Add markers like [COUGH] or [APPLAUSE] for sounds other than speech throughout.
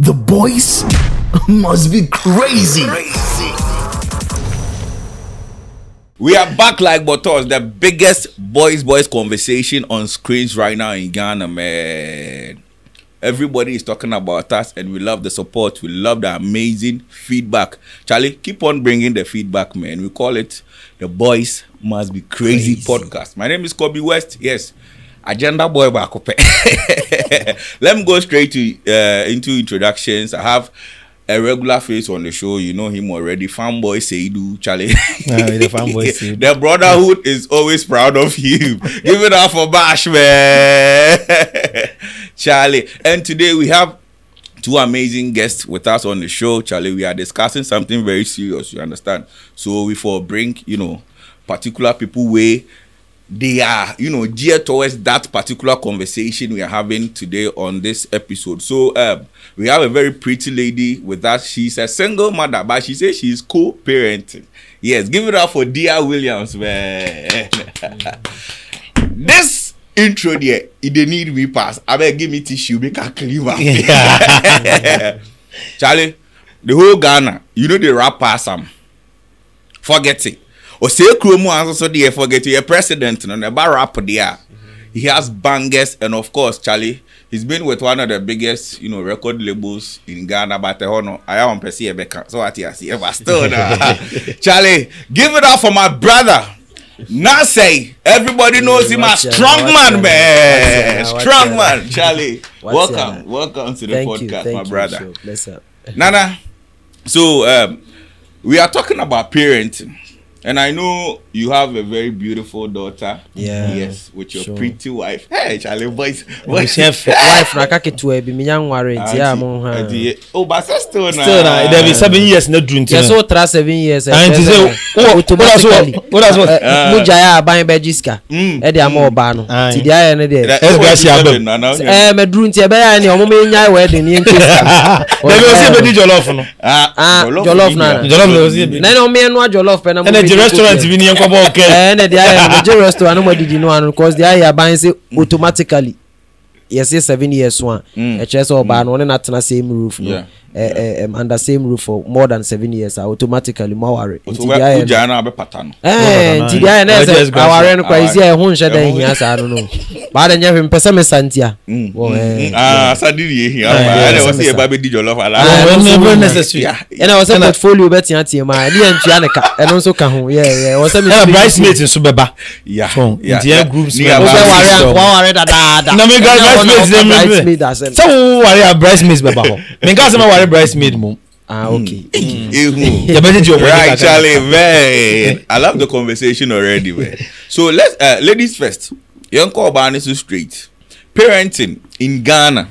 The boys must be crazy. crazy. We are back like Botos, the biggest boys boys conversation on screens right now in Ghana, man. Everybody is talking about us, and we love the support. We love the amazing feedback. Charlie, keep on bringing the feedback, man. We call it the Boys Must Be Crazy, crazy. podcast. My name is Kobe West. Yes, agenda boy baako pɛ [LAUGHS] let me go straight to uh, into introductions i have a regular face on the show you know him already fanboy seidu chale no, ah, the, [LAUGHS] the brotherhood is always proud of you [LAUGHS] give it up for bash man charlie and today we have two amazing guests with us on the show charlie we are discussing something very serious you understand so we for bring you know particular people way they are you know geared towards that particular conversation we are having today on this episode so um, we have a very pretty lady with us she's a single mother but she says she's co-parenting yes give it up for Dia williams man [LAUGHS] this intro there e dey need me pass abeg give me tissue make i clean Yeah, [LAUGHS] charlie the whole ghana you know the rapper, pass am forget it ɔsɛ kurom a nso deɛ forget yɛ president no na ɛba rap deɛ a he has bangers and of course charlie he's been with one of the biggest you know record labels in ghana but ɛhɔ no aya wɔn pɛ si yɛ kan so wate ase ɛba still na [LAUGHS] charlie give it up for my brother nasey everybody knows him as strong man man strong man charlie welcome welcome to the thank podcast you, my brother nana so um, we are talking about parenting. And I know you have a very beautiful daughter. Yeah. Yes, with your sure. pretty wife. Hey, Charlie, boys. boys. [LAUGHS] wife, na tuwe to ebi minyan warrant. Yeah, mo ha. Oh, but still na. Still na. There be seven years na dun tina. Yes, so try seven years. And to say, automatically. What that's what. Uh, uh. Muja ya aban bejiska. jiska. Mm. E amo obano. Mm. no. Ti dia ya ne de. Es ga si abem. Eh, me dun ti e ni omo me nya wedding ni nti. There be say be di jollof no. Ah, ah Jolof na. Jolof na. Na no me no jollof pe na mo. Na the restaurant bi ni bɔ kɛ. ɛɛ ne de ayɛ nigeria restaurant ne mo didi no ano cause de ayɛ aban se mm. automatically yɛsi seven years one ɛkyerɛ sɛ ɔbaa no ɔne na tena same roof Yeah eh, um, under same roof for more than seven years ah, automatically mo aware nti di ayɛ no na abɛpata no eh, nti di ayɛ I ɛsɛ aware no kora esi ɛho nhyɛ dɛ nhia saa no no baada nyɛ hwɛ mpɛ sɛ me mm, mm, eh, mm. Ah, sa ntia. asade de ehia ɛna wɔsi yɛ ba bɛ di jɔlɔf ala. ɛna wɔsɛ portfolio bɛ tia tia mu a ɛni yɛ ntua ne ka ɛno nso ka ho yɛ yɛ wɔsɛ mi. ɛna bryce mate nso bɛ ba nti yɛ group sɛ wɔware wɔware dadaada. na mi ka bryce mate sɛ wɔware a bryce mate bɛ ba hɔ mi ka sɛ ma ware [LAUGHS] nyɛ bridesmaid mum. Ah, okay. Mm. [COUGHS] [COUGHS] right, Charlie, man. I love the conversation already, man. So let's, uh, ladies first. Young Koban is straight. Parenting in Ghana,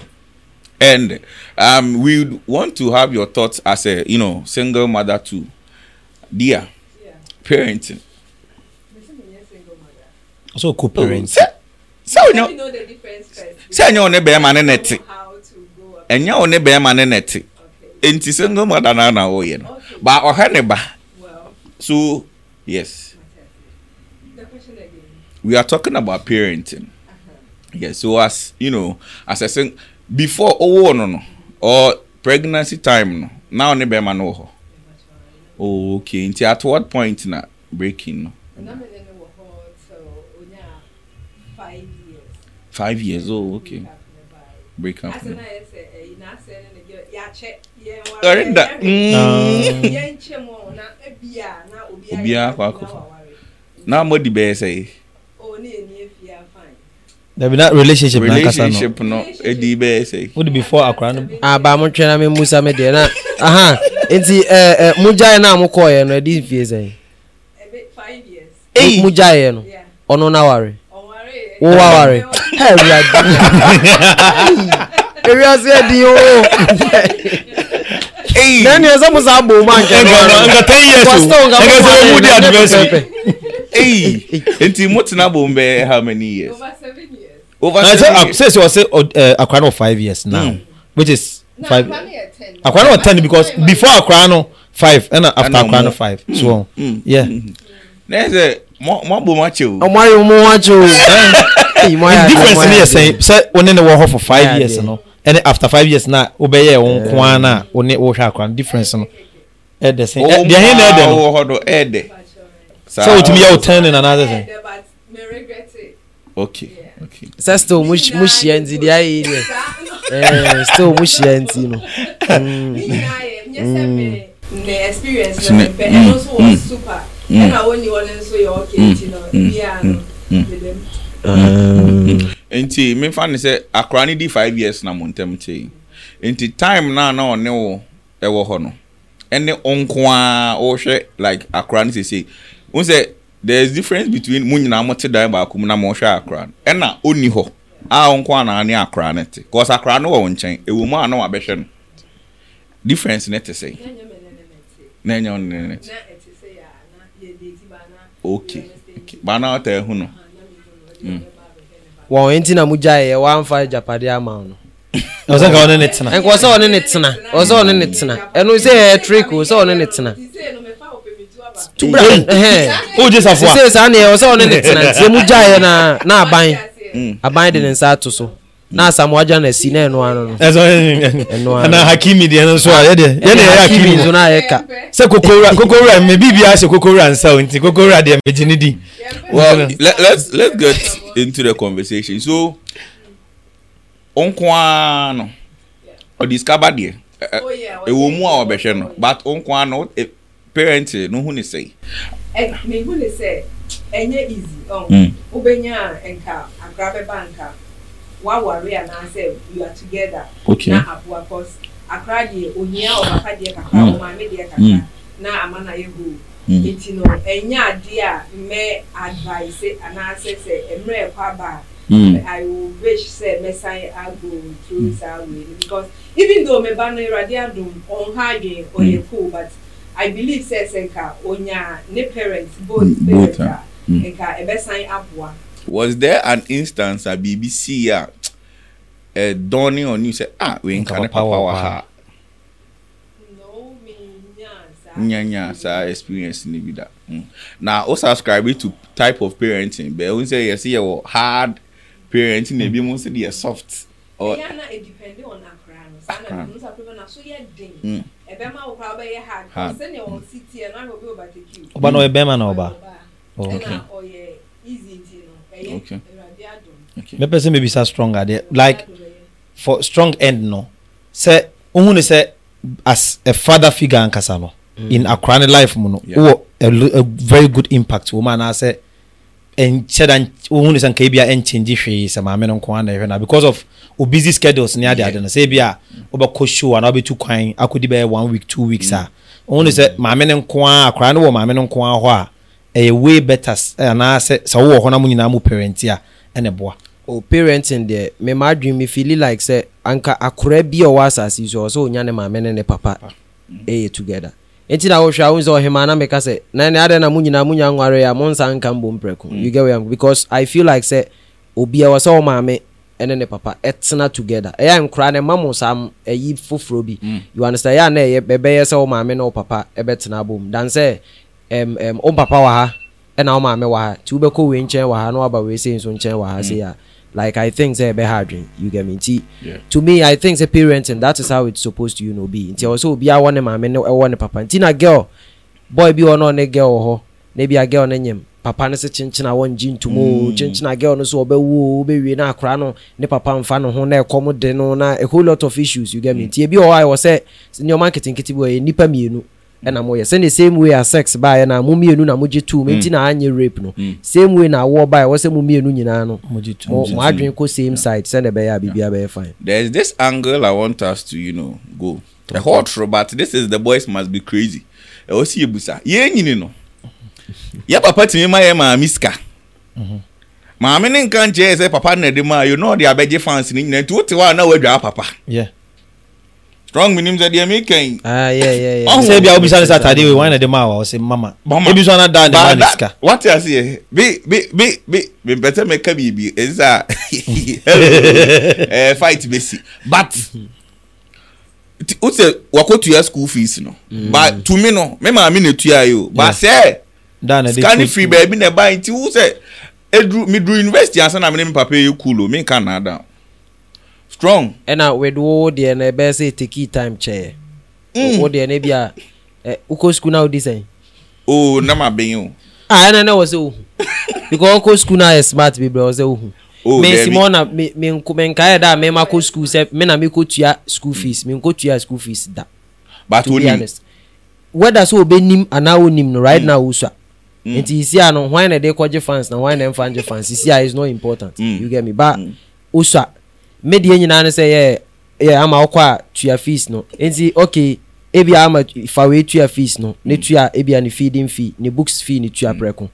and um, we want to have your thoughts as a you know single mother too, dear. Yeah. Parenting. So co-parenting. So, so you know. the difference first. Say you know ne bema ne neti. And you know ne bema ne neti. nti single mother na na wɔyɛ no ba ɔhɛ ne ba so yes we are talking about parenting yes so as you know as i say before owó no no or pregnancy time no na ɔne bɛrima no hɔ oh okay nti at what point na breaking no. five years Oh, okay break up ɔre da obiara akɔ akɔfa na mɔdi bɛyɛ sɛ dabi na relationship na nkasa no relationship no edi bɛyɛ sɛ o de before akora no. aba ah, mo twɛn na mi musa mi deɛ na aha nti ɛɛ eh, ɛ eh, mo gya yɛ na mo kɔɔ yɛ no ɛdi e nfie sɛ. eyi mo gya yɛ no ɔno na ware wo ware ɛ wura [LAUGHS] [LAUGHS] [LAUGHS] e e di ewia se di o kai dan ne zamu za bo ma ga ga 10 years ga sai mu di adversity eh enti motina bo mbe how many years over 7 years over 7 years say so say akwa no 5 years now hmm. which is no, five akwa no 10 because before akwa no 5 and after akwa no 5 hmm. so hmm. yeah na say mo bo ma che o oh, oh, mo ayo mo wa che o [LAUGHS] difference ni yɛ sɛ sɛ one ne wɔ hɔ for 5 years no ɛne after five years na wobɛyɛ eh. wo nko ara na wo ne wohwɛ akora no difference no ɛdɛ sɛ deɛ he na ɛdɛ [LAUGHS] eh, no hɔ do ɛdɛ sɛ wotumi yɛ wo ten ne nanaasɛ sɛ okay okay sɛ still mo hyia nti deɛ ayɛ deɛ still mo hyia nti no the experience na pɛ ɛno nso wɔ super ɛna wɔn ni wɔn nso yɛ ɔkɛ nti no bia no [LAUGHS] nti mefa ne sɛ akora ne di five years na mo ntɛm te nti time na na ɔne wo ɛwɔ hɔ no ɛne ɔnko a ɔhwɛ like akora ne sese n sɛ there is difference between mo nyinaa mo te dan baako mu na mo hwɛ akora no ɛna ɔni hɔ a ɔnko a na ne akora ne te cause akora no wɔ wɔn nkyɛn ewu mu a na wabɛhwɛ no difference ne te sɛ na ɛnyɛ ɔne ne ne te baana ɔtɛ no. Uh-huh. Hmm. wɔn nti na mu gya yɛ wɔamfa japadeɛ ama ọ ɔsɛ nka ọ ne tena nka ɔsɛ ɔne ne tena ɔsɛ ɔne ne tena ɛno sɛ ɛyɛ trick ọ sɛ ɔne ne tena tubra ɛhɛn o je safoa sise saa ne yɛ ɔsɛ ɔne ne tena nti mu gya yɛ na na aban hmm. aban de ne nsa ato so. na asamoaja na si na ɛno ano nona [LAUGHS] hakimi deɛ no nso a yɛdeɛ yɛne yɛyɛ hakimi nso na ayɛ ka sɛ kokowura kokowura me biribia ahyɛ kokowura nsa nti kokowura deɛ megye ne di well let, let's get into the conversation so onkoa no ɔdiscover deɛ ɛwɔ mu a ɔbɛhwɛ no but onkoa no eh, parent eh, no hu ne sɛi eh, mehu ne sɛ ɛnyɛ easy ɔn oh, wobɛnya hmm. nka akora bɛba nka waware anaasɛ you are together okay. na aboa cause akra deɛ ohia ɔbaka deɛ kakra ɔmaame mm. deɛ kakra mm. na ama na yɛ goal nti mm. no ɛnyɛ adeɛ a mɛ advice anaasɛ sɛ mmerɛ ɛkɔ aba a I will wish say Messiah I go through that way because even though me bano iradiadum on hardware or mm. cool, but I believe say Senka Onya ne parents both mm, parents mm. nka e ebe sign was there an instance a BBC si a ẹ dọ́ni on you say ah wei nka ne papa wɔ ha nyanya sa experience ni bi da mm. na o subscribe to type of parenting bẹẹ o n sẹ yẹsi yẹ wọ hard parenting ebi mo n sẹ yẹ soft. ẹyà e depend on uh-huh. mm. akra no sanni na sọ pé wọn náà so yẹ den ẹbẹ máa wọ kọ abẹ yẹ hard sẹni ọwọ si tiẹ náà ọbẹ ọba tẹkí. ọba náà oh, bẹẹma náà ọba. ẹna ọyẹ oh, easy okay person may be so strong adeɛ like for strong end no Say, wohu ne sɛ as a father figure in no mm. in akora ne life mu no wowɔ yeah. a, a very good impact Woman, mu anaasɛ and da wohu ne sɛ nka ebia nkyɛngye hwee sɛ maame no nko because of busy schedules ne ade ade no sɛ ebia wobɛkɔ mm. show too kind. I could be one week two weeks mm. a wohu ne sɛ mm. my men nko ara akora ne wɔ maame no nko ara hɔ ɛyɛ way better eh, anaasɛ sɛ wowɔ hɔ na mo nyinaa mu parent a ɛna ɛboa o parenting deɛ me ma me feel like sɛ anka akora bi a ɔwɔ asase so ɔsɛ ɔnya ne maame ne ne papa ɛyɛ together nti na wohwɛ ahu sɛ ɔhema na meka sɛ na ne adɛn na mo nyinaa mo nya nware a mo nsa nka mbom prɛko mm. you get where because i feel like sɛ obia wɔ sɛ ɔmaame ɛne ne papa ɛtena together ɛyɛ nkora ne ma mo sam ɛyi foforɔ bi mm. you understand ɛyɛ a na ɛyɛ ɛbɛyɛ sɛ ɔmaame ne ɔpapa ɛbɛtena abom dan sɛ um, um, wo papa wɔ ha ɛna wo maame wɔ ha nti wobɛkɔ wei nkyɛn wɔ ha na waba wei sei nso nkyɛn wɔ ha sei mm. a like i think sɛ ɛbɛha adwen you get me nti to me i think sɛ parenting that is how it's supposed to you know be nti ɛwɔ sɛ obiaa wɔ ne maame ne ɛwɔ ne papa nti na girl boy bi wɔ na ɔne girl wɔ hɔ na bi a girl ne nyim papa ne se kyenkyena wɔngye ntom o a girl no so ɔbɛwu o wobɛwie na akora no ne papa mfa no ho na ɛkɔm de no na a whole lot of issues you get me mm. nti ebi wɔ hɔ a ɛwɔ sɛ nneɛma nketenkete bi wɔ yɛ nnipa mmienu ɛna moyɛ sɛne same way a sex baeɛ no a mo mmienu na mogye two mu mm. nti na anyɛ rape no mm. same way na awoɔ baeɛ wɔ sɛ mo mmienu nyinaa no mo adwene kɔ same side sɛne ɛbɛyɛ a biribia bɛyɛ fine there is this angle i want us to you know go ɛhɔ toro but this is the boys must be crazy ɛwɔ si yɛbusa yɛnyini no [LAUGHS] yɛ papa ti tumi ma yɛ maame sika mhm. maame ne nka nkyerɛ sɛ papa na de ma you know ɔde abɛgye fans ni nyina nti wote hɔ a na woadwaa papa yeah strong minim sɛ deɛ mi kɛn. sɛ bi a obisa ne sa atade wei wɔn na de ma wa ɔsɛ mama ebi so ana da ne ma ne sika. wate ase yɛ bi bi bi bi bi mpɛtɛ mɛ ka biribi ɛnsa ɛɛ fight bɛ si but o sɛ wakɔ tuya school fees no mm. ba tumi no mɛ maame na tuya yi o ba sɛ scanning free baabi na ɛba nti o sɛ Edu, mi duru university ansa na mi ne mi papa yi cool o oh, mi nka na da strong. ɛna with wo deɛ na ɛbɛyɛ sɛ take time kyɛ. Mm. wo deɛ ne bi a ɛ wokɔ school na wodi sɛn. oo oh, na ma bɛn o. a ɛna ne wɔ sɛ o [LAUGHS] because wokɔ school na yɛ smart bebree wɔ sɛ o hu. oo oh, dɛbi mɛ simɔ na mɛ mɛ nka yɛ da mɛ ma kɔ school sɛ mɛ na mɛ kɔ tua school fees mɛ nkɔ tua school fees da. bato nim whether so obe nim anaa o nim no right mm. now o sua. Mm. nti isi ano hwan na de kɔgye fans na hwan na nfa gye fans isi a is not important. Mm. you get me ba mm. o sua medeɛ nyinaa no sɛ yɛ yɛ ama wokɔ a tua fees no nti okay ebi ama fa wei tua fees no ne mm. tua ebi a ne feeding fee ne books fee ne tua mm. prɛko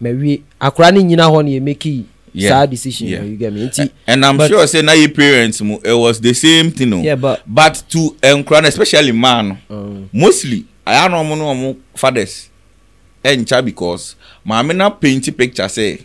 ma wie akora ne nyina hɔ ne yɛ meki yeah. saa decision yeah. you get me nti. and i'm but, sure say now your parents mu it was the same thing No? Yeah, but, but to encourage, na especially man, Um, mostly aya na ọmụ na ọmụ fathers and ẹncha because maame na paint picture say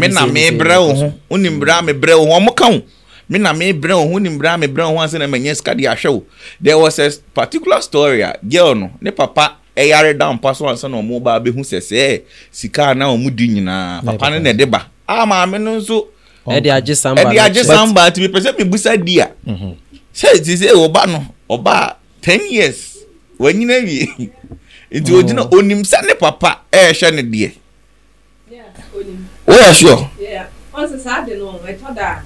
me na me brẹ wo ho me brẹ wo ho ọmụ me na me brɛ wo ho ni brɛ me brɛ wo ho ase na manya sika de ahwɛ wo there was a particular story a girl no ne papa ɛyare da mpa so ansa na ɔmo ba abɛhu sɛ sɛ sika na ɔmo di nyinaa papa ne na ɛde ba a maame no nso ɛde agye samba ɛde agye samba ti mi pɛ sɛ mi busa di a mhm. sɛ ti sɛ ɔba no ɔba ten years wɔnyina wie [LAUGHS] nti ogyina oh. onim sɛ ne papa ɛɛhwɛ ne deɛ. wọ́n yà sure. ọ̀sẹ̀ sáà dì nù ẹ̀tọ́ dà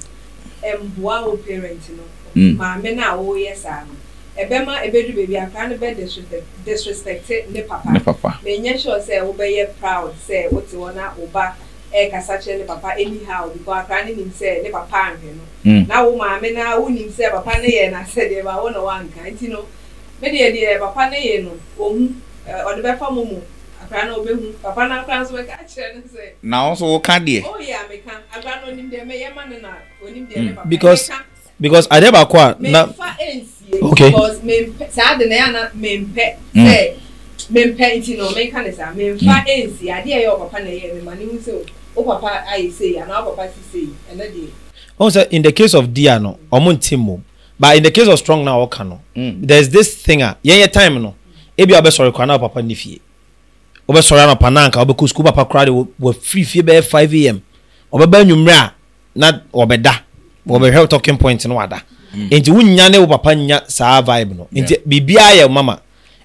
mboa wo parent no mm. maame no a wɔreyɛ saa no ɛbɛma ɛbɛdu baabi akora no bɛ disrespect ne papa ne papa mɛnyɛ sure sɛ wobɛyɛ proud sɛ wote hɔ na wo ba ɛkasa kyerɛ ne papa anyhow because akora no nim sɛ ne papa anhwɛ no mm. na wo maame no a wonim sɛ papa ne yɛ nasɛdeɛ ba wo na woanka nti no medeɛ deɛ papa no yɛ no ɔhu ɔde bɛfa mo mu akwaraa na obehu papa na akwaraa nso bɛka akyerɛ no sɛ. na ɔnso woka deɛ. o oh, yɛ ameka akwaraa na onim deɛ mɛ ma no na onim deɛ ne hmm. papa. because because adeɛ baako a. na mmefa nsie. okay because mempɛ saa de na yɛ ana mempɛ. Hmm. sɛ mempɛ nti na ɔmɛnka ne saa memfa hmm. nsie adeɛ yɛ ɔpapa na yɛ ne ne ho sɛ o papa ayɛ sei anaa o papa si sei ɛnɛ deɛ. ɔn sɛ in the case of dia no ɔmo nti mo but in the case of strong na ɔka no. there is this thing a yɛn yɛ time no ebi a ɔbɛsɔre kora na ɔpapa ne fie wobɛsɔre anɔpa na anka wobɛkɔ sukuu papa koraa de wafiri fie bɛyɛ 5 am ɔbɛba anwummerɛ a na wɔbɛda wɔbɛhwɛ talking point no wada mm. nti wonya ne wo papa nya saa vibe no nti bibia yɛ mama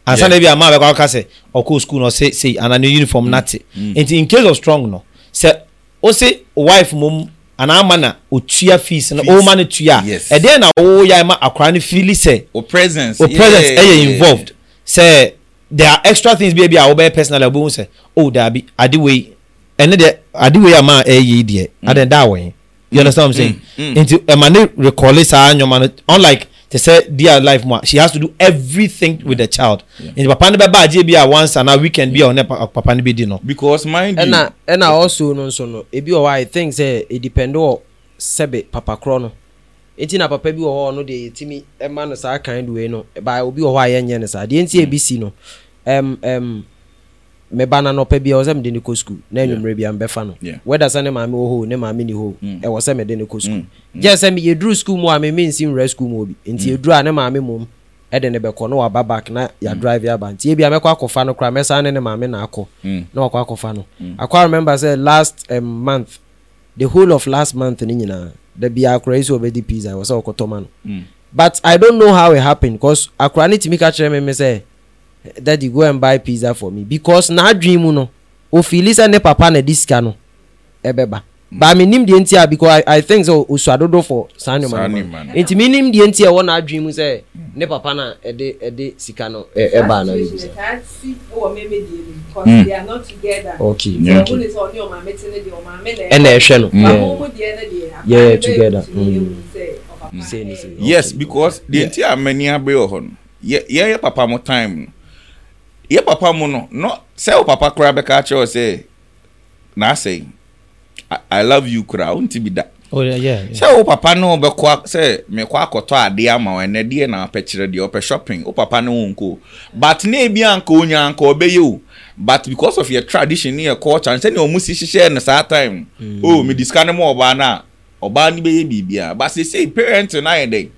ansa na bi a ma bɛkɔ aka sɛ ɔkɔ sukuu no ɔsɛ sei anaa ne uniform mm. nate mm. nti in case of strong no sɛ ose wife mom anaa ama na otua fees na ɔma no tua ɛdeɛ na woyɛ ma akwara no fili sɛ o presence ɛyɛ eh, involved sɛ there are extra things bi oh, a bi a wɔbɛyɛ personal ɛbɛn sɛ oh daabi ade wei ɛne deɛ ade wei ama ɛyɛ deɛ ade da awɔ yɛn you mm. understand what i'm saying mm. mm. nti ɛma eh, ne recall saa nyɔma no unlike te sɛ dear life mu a she has to do everything with the child nti papa ne bɛ ba agye bi a once ana weekend bi a ɔne papa ne bi di no. because mind you ɛna ɛna also no nso no ebi wɔ hɔ i think sɛ e depend wɔ sɛbe papa korɔ no eti na papa bi wɔ hɔ ɔno deɛ yɛtumi ɛma no eh, saa kind way no ba obi wɔ hɔ a yɛnyɛ no saa deɛ nti ebi si no. Mm um, um, meba na nɔpɛ bia ɛwɔ sɛ mede ne kɔ skul na anwummerɛ bia mbɛfa no weda sɛ ne maame wɔ hoo ne maame ne hoo mm. ɛwɔ sɛ mede ne kɔ skul mm. mm. gye sɛ yɛduru skul mu a meme nsi nwura skul mu bi nti yɛduru a ne maame mom ɛde ne bɛkɔ na waba back na yɛadrive aba nti ebia kwa akɔfa no koraa mɛsan ne ne maame na akɔ na kwa akɔfa no akɔ remember sɛ last um, month the whole of last month ne nyinaa da bia akora yi sɛ wɔbɛdi pizza ɛwɔ sɛ wɔkɔtɔ ma but i don't know how it happened because akora ne tumi ka me me sɛ daddy go and buy pizza for me because n'adwin mu no ofili sɛ ne papa na ɛde sika no ɛbɛba but mi nim deɛ nti a because i i think sɛ osu adodo for saa nneɛma nneɛma nti mi nim deɛ nti a ɛwɔ n'adwin mu sɛ ne papa na ɛde ɛde sika no ɛba na ɛbi sɛ. Hmm. okay ɛna ɛhwɛ no yɛ together hmm. yes because deɛ nti a mani abɛ wɔ hɔ no yɛ yɛ papa mo time no. yɛ papa mu no no sɛ wo papa koraa bɛka kyerɛ wo sɛ naasɛi i love you koraa wonti bi da oh, sɛ wo papa no bɛkɔ sɛ mekɔ akɔtɔ adeɛ ama wo ɛnɛ deɛ na wapɛ kyerɛ deɛ ɔpɛ shopping wo papa no wo but ne ebi anka onya anka ɔbɛyɛ o but because of your tradition ne yɛ culture sɛnea ɔmo si hyehyɛ no saa time mm. o oh, mede sika no ma ɔbaa no a ɔbaa no bɛyɛ biribia but sɛsei parent no ayɛ dɛn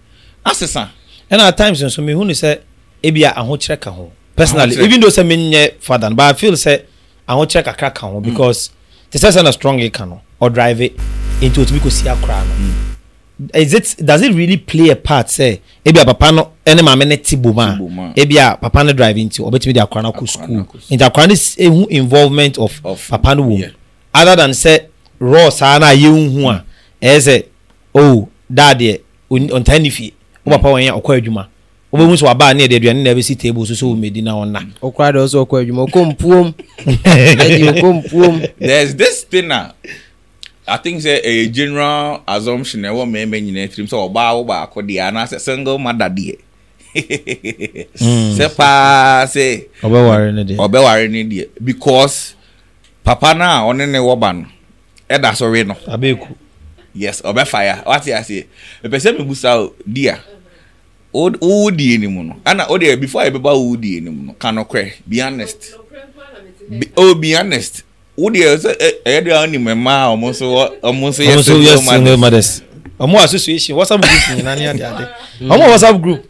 asesa ɛna times nso mehu sɛ ebia ahokyerɛ ka ho personally even though sɛ menyɛ father but i feel sɛ ahokyerɛ kakra ka ho because te sɛ sɛ na strong ka no it into otumi kɔsi akoraa no mm. is it does it really play a part Say, ebi a papa no ɛne maame ne ti boma ebi a papa no drive nti ɔbɛtumi de akoraa no akɔ school nti akoraa no ehu involvement of, of papa no wom yeah. other than say raw saa na ayɛ nhu a ɛyɛ mm. sɛ oh daadeɛ ɔntaa ne mm. fie wọ́n papa wọ̀nyẹn ọkọ ẹ̀dwuma wobɛhu sɛ wabaa ne ɛde aduane na ɛbɛsi table so sɛ womɛdi na ɔna ɔkora de ɔsɛ ɔkɔ adwuma ɔkɔ mpuom ɔkɔ [LAUGHS] mpuom there's this thing a i think say a eh, general assumption ɛwɔ mmarima nyinaa tirim sɛ ɔbaa wo baako deɛ anaasɛ single mother deɛ hmm. sɛ paa sɛ ɔbɛware no deɛ ɔbɛware no deɛ because papa na e a ɔne ne wɔba no ɛda sɔre no abɛɛku yes ɔbɛfa ya wate aseɛ ɛpɛ sɛ mebusa o dia wo die ne mu no ana o deɛ before a yɛbɛba wo die ne mu no ka nokorɛ be honest be oh be honest wo deɛ sɛ ɛyɛ deɛ awo ni mɛ mmaa a wɔn nso wɔn nso yɛ single mothers wɔn association whatsapp group nyinaa ni ade ade mm. wɔn whatsapp group.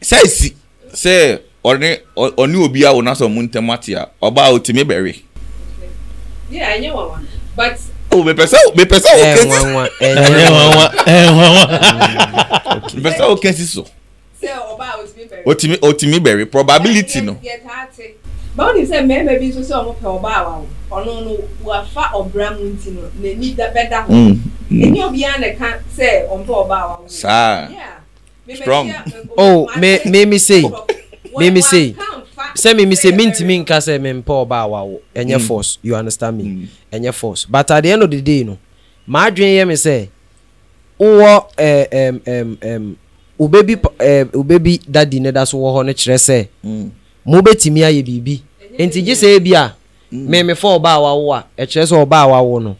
sɛ esi sɛ ɔne ɔne obi a wɔn asɔ wɔn ntɛm ate a ɔbaa otimi bɛri. yeah ɛnyɛ wɔn wa but o oh, mepɛ sɛ mepɛ sɛ o kɛnsi so mepɛ sɛ o kɛnsi so sẹ ọba otimi bẹrẹ. otimi otimi bẹrẹ probability no. báwo ni sẹ mẹ́ẹ̀mẹ́ bí nso sẹ ọmọ pẹ ọba àwa o ọ̀nà no wà fa ọ̀bra mu ti no n'ani bẹ́ẹ̀ da hó. ẹni obi a na ka sẹ ọmọ ọba àwa o. saa strong. o oh, me me mi se me mi se sɛ mimi sɛ mentimi nka sɛ mempɛ ɔba a wawo ɛnyɛ mm. force you understand me mm. force but at the end of the day no maadwene yɛ me sɛ wowɔ eh, um, um, um, obebi eh, baby ɛɛ wo baby daddy ne da so wɔ hɔ no kyerɛ sɛ mm. mo betumi ayɛ biribi nti gye sɛ ebi a mmemmefo ɔbaa wawo a ɛkyerɛ sɛ ɔbaa wawo no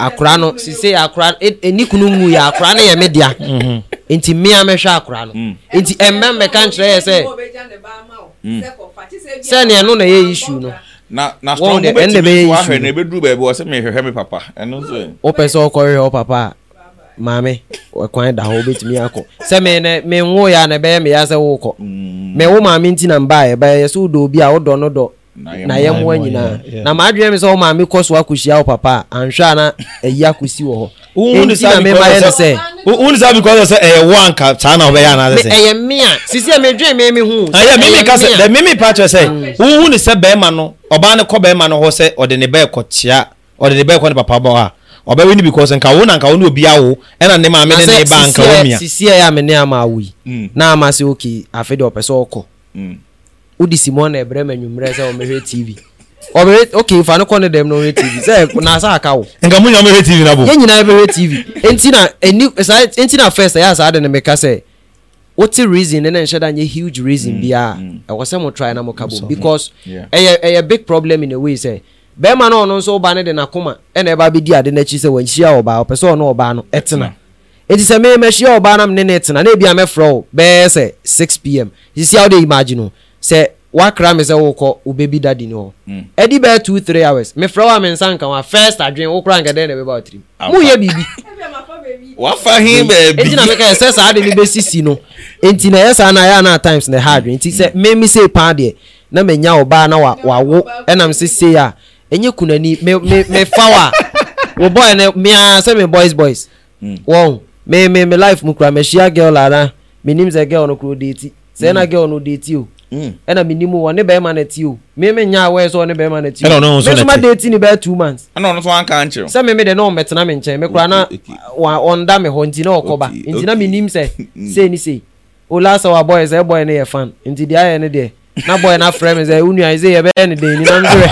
akora no sise akora e, eni kunu mu yɛ akora no yɛ me dea mm-hmm. nti mmea mɛhwɛ akora no mm. nti mmɛn mɛka nkyerɛ yɛ sɛ mm. sɛnea no na yɛ isu no na na strong bɛ tumi wahwɛ na ebeduru baabi wɔ sɛ mehwehwɛ me papa ɛno nso yɛ. wopɛ sɛ ɔkɔhwehwɛ wɔ papa a. maame kwan da hɔ wobɛtumi akɔ sɛ mene menwo yɛ a na ɛbɛyɛ meyɛ sɛ me mewo mm. maame nti na mbaɛ ɛbɛyɛ sɛ wodɔ obi a wodɔ no dɔ na yɛ mmoa nyinaa na maadwene me sɛ wo maame kɔ so akɔhyia wo papa anhwɛ a na ayi akɔsi wɔ hɔ ɛnti na memayɛ no sɛ wone saa bikɔ sɛ ɛyɛ wo anka saa na wobɛyɛ anaa sɛ sisi a medwene me me ho ɛyɛ mimi ka sɛ mimi pa kyerɛ sɛ mm. wohu ne sɛ bɛrima no ɔbaa no kɔ bɛrima no hɔ sɛ ɔde ne bɛɛ kɔkyea ɔde ne bɛɛ ne papa bɔ a ɔbɛwe ni because nkawo na nkawo ni obi awo ɛna ne maame ne ne ba nkawo mia. sisi ɛ yà mí ní ama awo yi mm. na ama se oke afe de ɔpɛ sɛ ɔkɔ mm. o di simon na ɛbrɛ ma enyimrɛ sɛ ɔmɛhwɛ tv ɔbɛhwɛ oke fa ne ne dɛm na ɔmɛhwɛ tv sɛ n'asa aka wo. nka mu nyɛ ɔmɛhwɛ tv na bo. yɛn nyinaa bɛhwɛ tv enti na eni saa enti na first ɛyɛ asa de ne mɛka sɛ wote reason ne ne nhyɛ da nye huge reason mm. biara mm. ɛwɔ sɛ mo try na mo ka bo because ɛyɛ ɛyɛ big problem in a way sɛ. bɛrima no ɔno nso ɔbaa no de n'akoma ɛna ɛba bɛdi ade sɛ ɔbaa ɔpɛ sɛ ɔno ɔbaa no ɛtena sɛ ɔbaa no ne tena na ebi mɛfrɛ wo mm. bɛɛ sɛ pm sisi a imagine o sɛ wakra mi sɛ wokɔ dadi hɔ ɛdi bɛɛ 2 3 hours nsa nka na ɛbɛba [LAUGHS] na mi ka saa de mi no eti na saa na times na ɛha adwene eti sɛ mm. se enye kunani me me me fawa wo boy ne me a me boys boys mm. wow me me me life mu kura me share girl ara me nim say girl no kuro date say hmm. na girl no date o ɛna hmm. me wɔ ne bɛrima na ti o me me nya awɔ sɛ ɔne bɛrima na ti o me nso ma ni bɛɛ two months ɛna ɔno nso anka sɛ me me de na ɔmɛtena me nkyɛn me kura na ɔnda me hɔ nti na ɔkɔba nti na me nim sɛ [LAUGHS] hmm. sei ni sei o last hour boys ɛ e boy ne yɛ fan nti deɛ ayɛ ne deɛ na boy na frɛ mi sɛ unu ayi sɛ yɛbɛyɛ ne den ni na nsɛbɛ.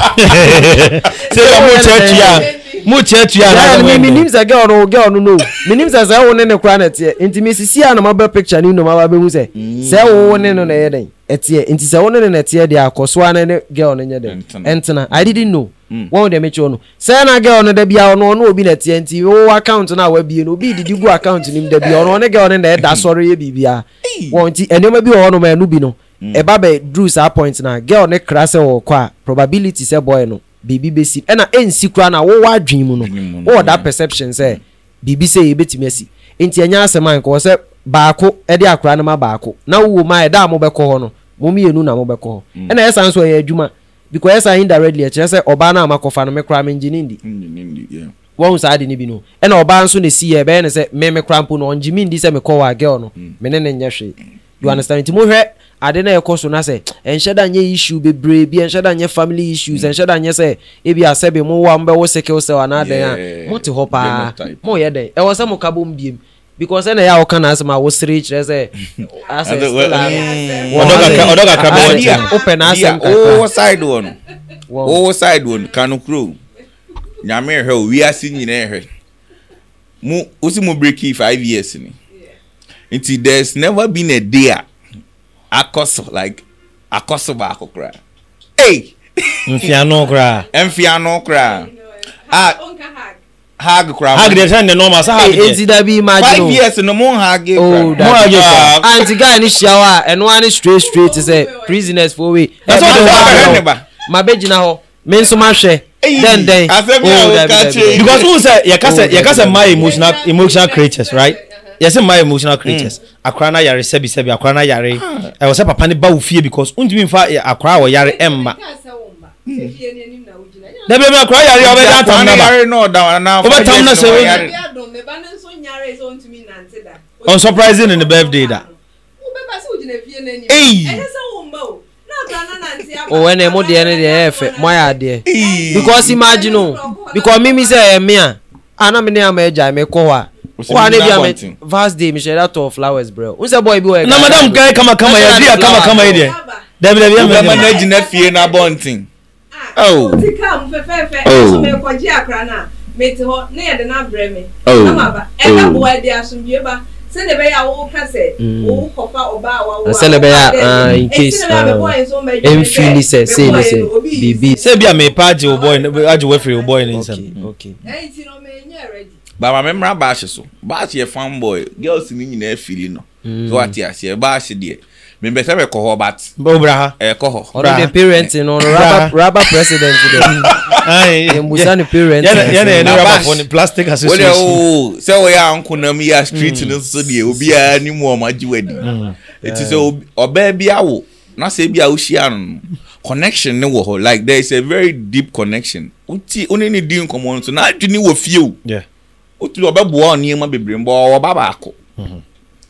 sɛ yɛ mu kyɛ tuya mu kyɛ tuya na ɛdɛm ɛdɛm. mi nim sɛ gɛl no gɛl no no mi nim sɛ sɛ wo ne kura na ɛteɛ nti mi sisi a na bɛ picture ni nnum bɛ hu sɛ sɛ wo wo na ɛyɛ dɛn ɛteɛ nti sɛ wo ne na ɛteɛ deɛ akɔ so ana ne gɛl nyɛ dɛn ɛntena i didn't know wɔn wo deɛ mi kyerɛ no sɛ na gɛl no obi na ɛteɛ nti wo account no a wabie no obi didi gu account nim dɛbi a ɔno ɔne gɛl na ɛda sɔre yɛ biribiara wɔn ti nneɛma bi wɔ hɔ nom ɛnu bi no. ɛba mm. bɛ saa point na girl ne kra sɛ a probability sɛ boy no biribi bɛsi ɛna ɛnsi kura na wɔwɔ adwene mu no wɔwɔ that mm. perception sɛ biribi sɛ yɛbɛtumi asi nti ɛnyɛ asɛm sɛ baako akora no ma baako na wowɔ mu a ɛda a mobɛkɔ hɔ no na mobɛkɔ hɔ mm. ɛna ɛsan so ɛyɛ adwuma because ɛsan indirectly ɛkyerɛ sɛ ɔbaa no a makɔfa no mekora ne ndi saa bi no ɛna ade na ɛkɔ so na sɛ ɛnhyɛ da nyɛ issue bebree bi ɛnhyɛ da nyɛ family issues mm. ɛnhyɛ da nyɛ sɛ ebi asɛbi mo wa mbɛ wo sikiw sɛ anaa dɛn a mo te hɔ paa mo yɛ dɛn ɛwɔ sɛ mo ka bɔ mu biem because ɛna yɛ a wɔka na asɛm a wosere kyerɛ sɛ [LAUGHS] asɛ still a ɔdɔ kakra bɛ wɔn kyɛn wopɛ na asɛm kakra wɔwɔ side wɔ no wɔwɔ side wɔ no kanu kuro nyame ɛhwɛ o wiase nyinaa ɛhwɛ mo osi mo break five years ni nti there is never been a day a akɔso like akɔso baako kora hey. [LAUGHS] mfiano kora mfiano kora Ah, hag kora hag de sɛ de normal sa hag de eti da bi five oh. years no mo hag eh, kora oh, mo hag eh, kora anti ah, guy ni hyia wa ɛno ani straight straight sɛ prisoners for we ɛsɛ ɔde wa bɛ ne ba ma bɛ gyina hɔ me nso ma hwɛ den den oh dabi dabi because who sɛ yɛ kasa yɛ kasa ma emotional emotional creatures right yɛsɛ mmaa emotional mm. creatures akwara na yare sɛbi sɛbi akwara na yare ah. ɛwɔ sɛ papa ne ba wo fie because ntumi nfa akwara wɔ yare ɛmma dabi ebi akwara yare ɔbɛda atam naba ɔbɛtam na sɛ on surprising in the birthday da. eyi òwò ɛnna ɛmu deɛ ne deɛ ɛyɛ fɛ mo ayɛ adeɛ because imagine o oh, because Mimi sɛ ɛyɛ eh, ah, Ana anamí ni eh, àmà ɛgya ɛmɛ kɔ hɔ a. Ah wa ne bi ame vast day mi sɛ that of flowers bro n sɛ boy bi wɔ ɛka. na madam kan ye kama kama ye di ya kama kama ye deɛ dabi dabi ɛmɛ ɛmɛ ne jina fie na bɔ ntin. o ti ka mu fɛfɛɛfɛ ɛsɛ mi kɔ ji akora na mi ti hɔ ne yɛ de na brɛ mi. ɛna bɔ ɛdi asumie ba sɛnɛ bɛ yà wò kásɛ wò kɔfa ɔba awa wò. sɛnɛ bɛ yà in case nfi ni sɛ se ni sɛ bibi. sɛbi àmì ipa àjẹ wò bọ́ọ̀ àjẹ wẹ́fẹ̀rẹ̀ wò bọ́ọ̀ yẹn ní nsàm. ɛyìn tí n'o mɛ n yẹ rẹ di bàbá mi mìíràn baasi so baasi yɛ fan boy girls ni nyinaa fili no so wate aseɛ baasi deɛ mbɛ sɛ bɛ kɔ hɔ but. bó bra ha ɛ kɔ hɔ. ɔno de parent no no raba raba president de. yɛmusa ni parent. yɛn yɛn ni raba fɔ plastic association. wọ́n yẹ o sɛ o yà nko nam street ni nso deɛ obiara ni mu ɔmo agyi wadi. eti sɛ ɔbaa bi awo na sɛ ebi a o no connection ni wɔ hɔ like there is a very deep connection. o ti o ni ni di nkɔmɔ nso na adu ni wɔ fie Yeah otuli ɔbɛboa nneɛma bebree mbɔ ɔba baako mhm.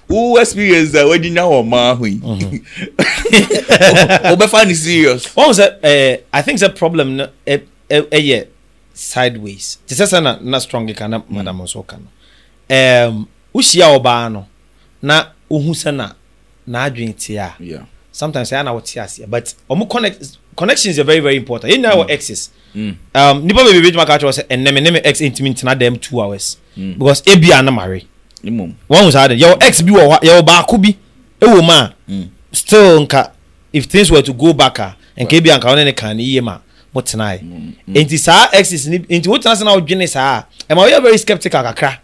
wo experience a wɔadinya wɔ ɔmaa ho mhm. [LAUGHS] yi wɔbɛfa ne serious wɔn sɛ ɛɛ i think sɛ problem no ɛ ɛ ɛyɛ sideways te sɛ sɛ na na strong ka na mm. madam nso ka no ɛɛm wohyia ɔbaa no na ohun sɛ na n'adwene te a sometimes ɛyɛ na wɔte aseɛ but ɔmo connections are very very important yɛn nyinaa wɔ access. Mm Mm. Um, nipa bebrebe gyina kakyɛ sɛ ɛnɛmɛ ne me, X, ntumi ntena dɛm two hours. Mm. because ebi anamare. wɔn ho saa de yɛwɔ ex bi wɔ hɔ yɛwɔ baako bi ɛwɔ mu a. Mm. still nka if things were to go back a nka ebi anka wɔn ne kan ne yie ma wɔtena yi. Mm. Mm. nti saa exes ni nti wɔtena sɛ na ɔdwene saa ɛma ɔyɛ very skeptical kakra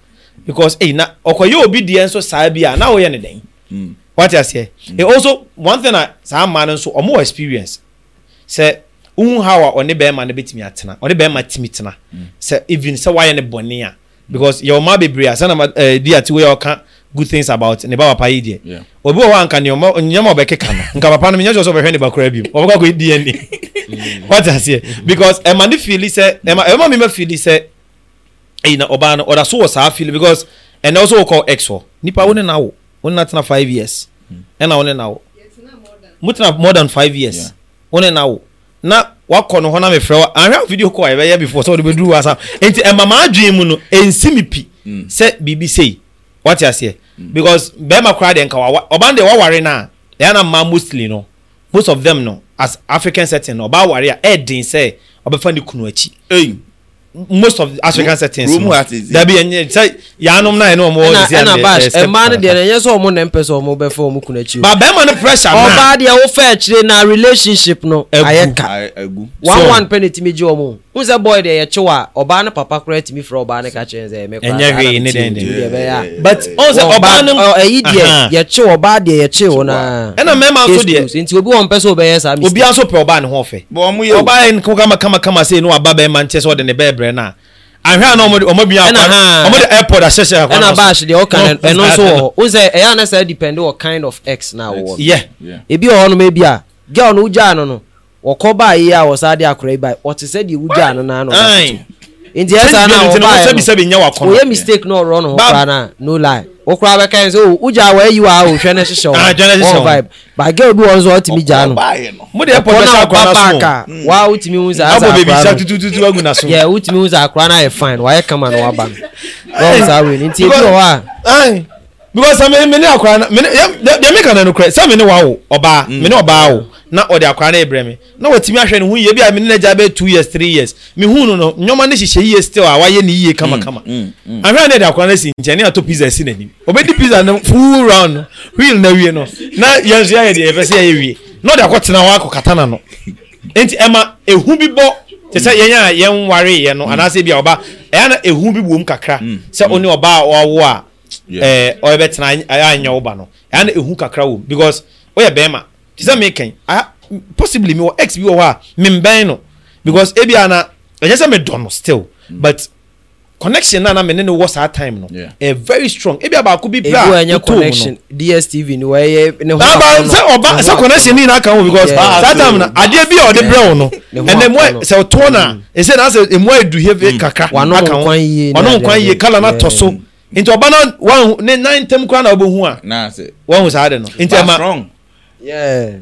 because ɛyi na ɔkɔyɛ obi deɛ nso saa bi a na ɔyɛ ne dɛn. Mm. wate aseɛ. also one thing na saa mmaa no nso ɔmo wɔ experience sɛ wohu how a ɔne bɛrima no bɛtumi atena ɔne bɛrima tumi tena mm. sɛ even sɛ woayɛ no bɔne a because yɛwɔ mmaa bebree a sɛna eh, di ate wei ɔka good things about ne ba papa yi deɛ obi wɔ hɔ a nka nneɛma ɔbɛkeka no nka papa no menyɛ sɛ sɛ ɔbɛhwɛ ne ba koraa bio ɔbɛkɔ akɔyɛ dna wate aseɛ because ɛma e ne fiili e sɛ ɛma ɛma e mi ma fiili sɛ ɛyi na ɔbaa no ɔda so wɔ saa fiili because ɛnna ɔso wɔkɔ ex hɔ nipa wo ne na wo wo ne na tena five years ɛnna mm. wo ne na wo mo tena more than five years wo ne na wo na wakɔ no hɔ na mefrɛ wa anhwɛ video kɔ a yɛbɛyɛ before sɛ wode bɛduru wa sa enti ɛmama adwene mu no ɛnsi me pi mm. sɛ biribi sei wate aseɛ mm. because bɛrima koraa deɛ nka wawa ɔba no deɛ waware no a ɛyɛ na mmaa mostly no most of them no as african setting no ɔba aware a ɛɛden sɛ ɔbɛfa ne kunu akyi most of african settings no dabi ɛnyɛ sɛ yanom na eh, yɛ ne ɔmo ɔsi ɛna bash ɛmaa no deɛ ɛnyɛ sɛ ɔmo na mpɛ sɛ ɔmo bɛfɛ ɔmo kun akyi o ba bɛrima no pressure naa ɔbaa deɛ wofɛ akyire na relationship no ayɛ ka one one pɛ ne timi gye ɔmo n sɛ boy deɛ yɛkyew a ɔbaa no papa koraa timi fira ɔbaa no ka kyerɛ sɛ ɛmɛ koraa ɛnyɛ hwee ne den den but ɔn sɛ ɔbaa no ɛyi deɛ yɛkyew ɔbaa deɛ yɛkyew naa ɛna mɛɛma nso deɛ nti obi wɔn pɛ sɛ ɔbɛyɛ saa mistake obi aso pɛ ɔbaa ne ho ɔfɛ ɔbaa yɛ kama kama kama sɛ ɛnu aba bɛrima nkyɛn sɛ ɔde ne bɛɛ brɛ no a ahwɛ a na ɔmo bi akɔ ɔmo de airport ahyehyɛ akɔ ɛna bash deɛ ɔka ɛno nso wɔ hɔ wosɛ ɛyɛ ana sɛ depend wɔ kind of x na wɔ yɛ ebi wɔ hɔnom ebi a girl no wogyaa no no wɔkɔ baa yi a wɔsaa de akora yi baa ɔte sɛ deɛ wogyaa no na ano nti ɛsa na wɔn ba yɛ no oyɛ mistake na ɔrɔ no ɔkura na no lie ɔkura bɛka yɛn sɛ o ugya wɔ ayi wa ohwɛ ne hyehyɛ wɔn wɔn vibe ba girl bi wɔn nso ɔtumi gya no ɔkɔ na ɔba baaka wa wotumi hu sa asa akora no yɛ wotumi hu sa akora no ayɛ fine wayɛ kama na waba no wɔn sa wei nti ebi wɔ hɔ a because sami mi ni akora na mi ni yɛ mi kan na nukuri sami ni wa o ɔbaa mi ni ɔbaa o na ɔde akwara no ebrɛ mi na wɔtumi ahwɛ ne ho yie bi a mi n'agya bɛ two years three years mi no no nneɛma ne hyehyɛ yie still a wayɛ ne yie mm, kamakama mm, mm. ahwɛ ne de akwara no si nkyɛn ne ato pizza si n'anim obedi pizza no full round no wheel na wie no na yɛn nso yɛ deɛ yɛfɛ sɛ yɛ wie na ɔde akɔ tena hɔ akɔ kata na no nti ɛma ehu bi bɔ te sɛ yɛn a yɛn ware yɛ no anaasɛ bi a ɔba ɛyɛ na ehu bi wɔ mu kakra sɛ ɔne ɔbaa ɔawo a ɛɛ ɔyɛ bɛ tena anyɛ ɔba no ɛyɛ na ehu kakra wɔ because ɔyɛ bɛrima te sɛ mekɛn possibly mewɔ x bi wɔ hɔ a membɛn no because ebi ana ɛnyɛ sɛ medɔ no still but connection na na mene ne wɔ saa time no yeah. ɛ very strong ebi abaako bi bra oto mu no dstv ni wɔyɛ ne ho afa no sɛ ɔba sɛ connection ni na aka ho because saa time na adeɛ bi a ɔde brɛ wo no ɛnɛ [LAUGHS] mu sɛ ɔtɔn na ɛsɛ mm. na sɛ emu edu hefe mm. kakra aka ho ɔno nkwan yie kala na tɔ so nti ɔba na wɔn ne nan ntɛm kora na ɔbɛhu a wɔn ho saa de no nti ɛma. Yeah.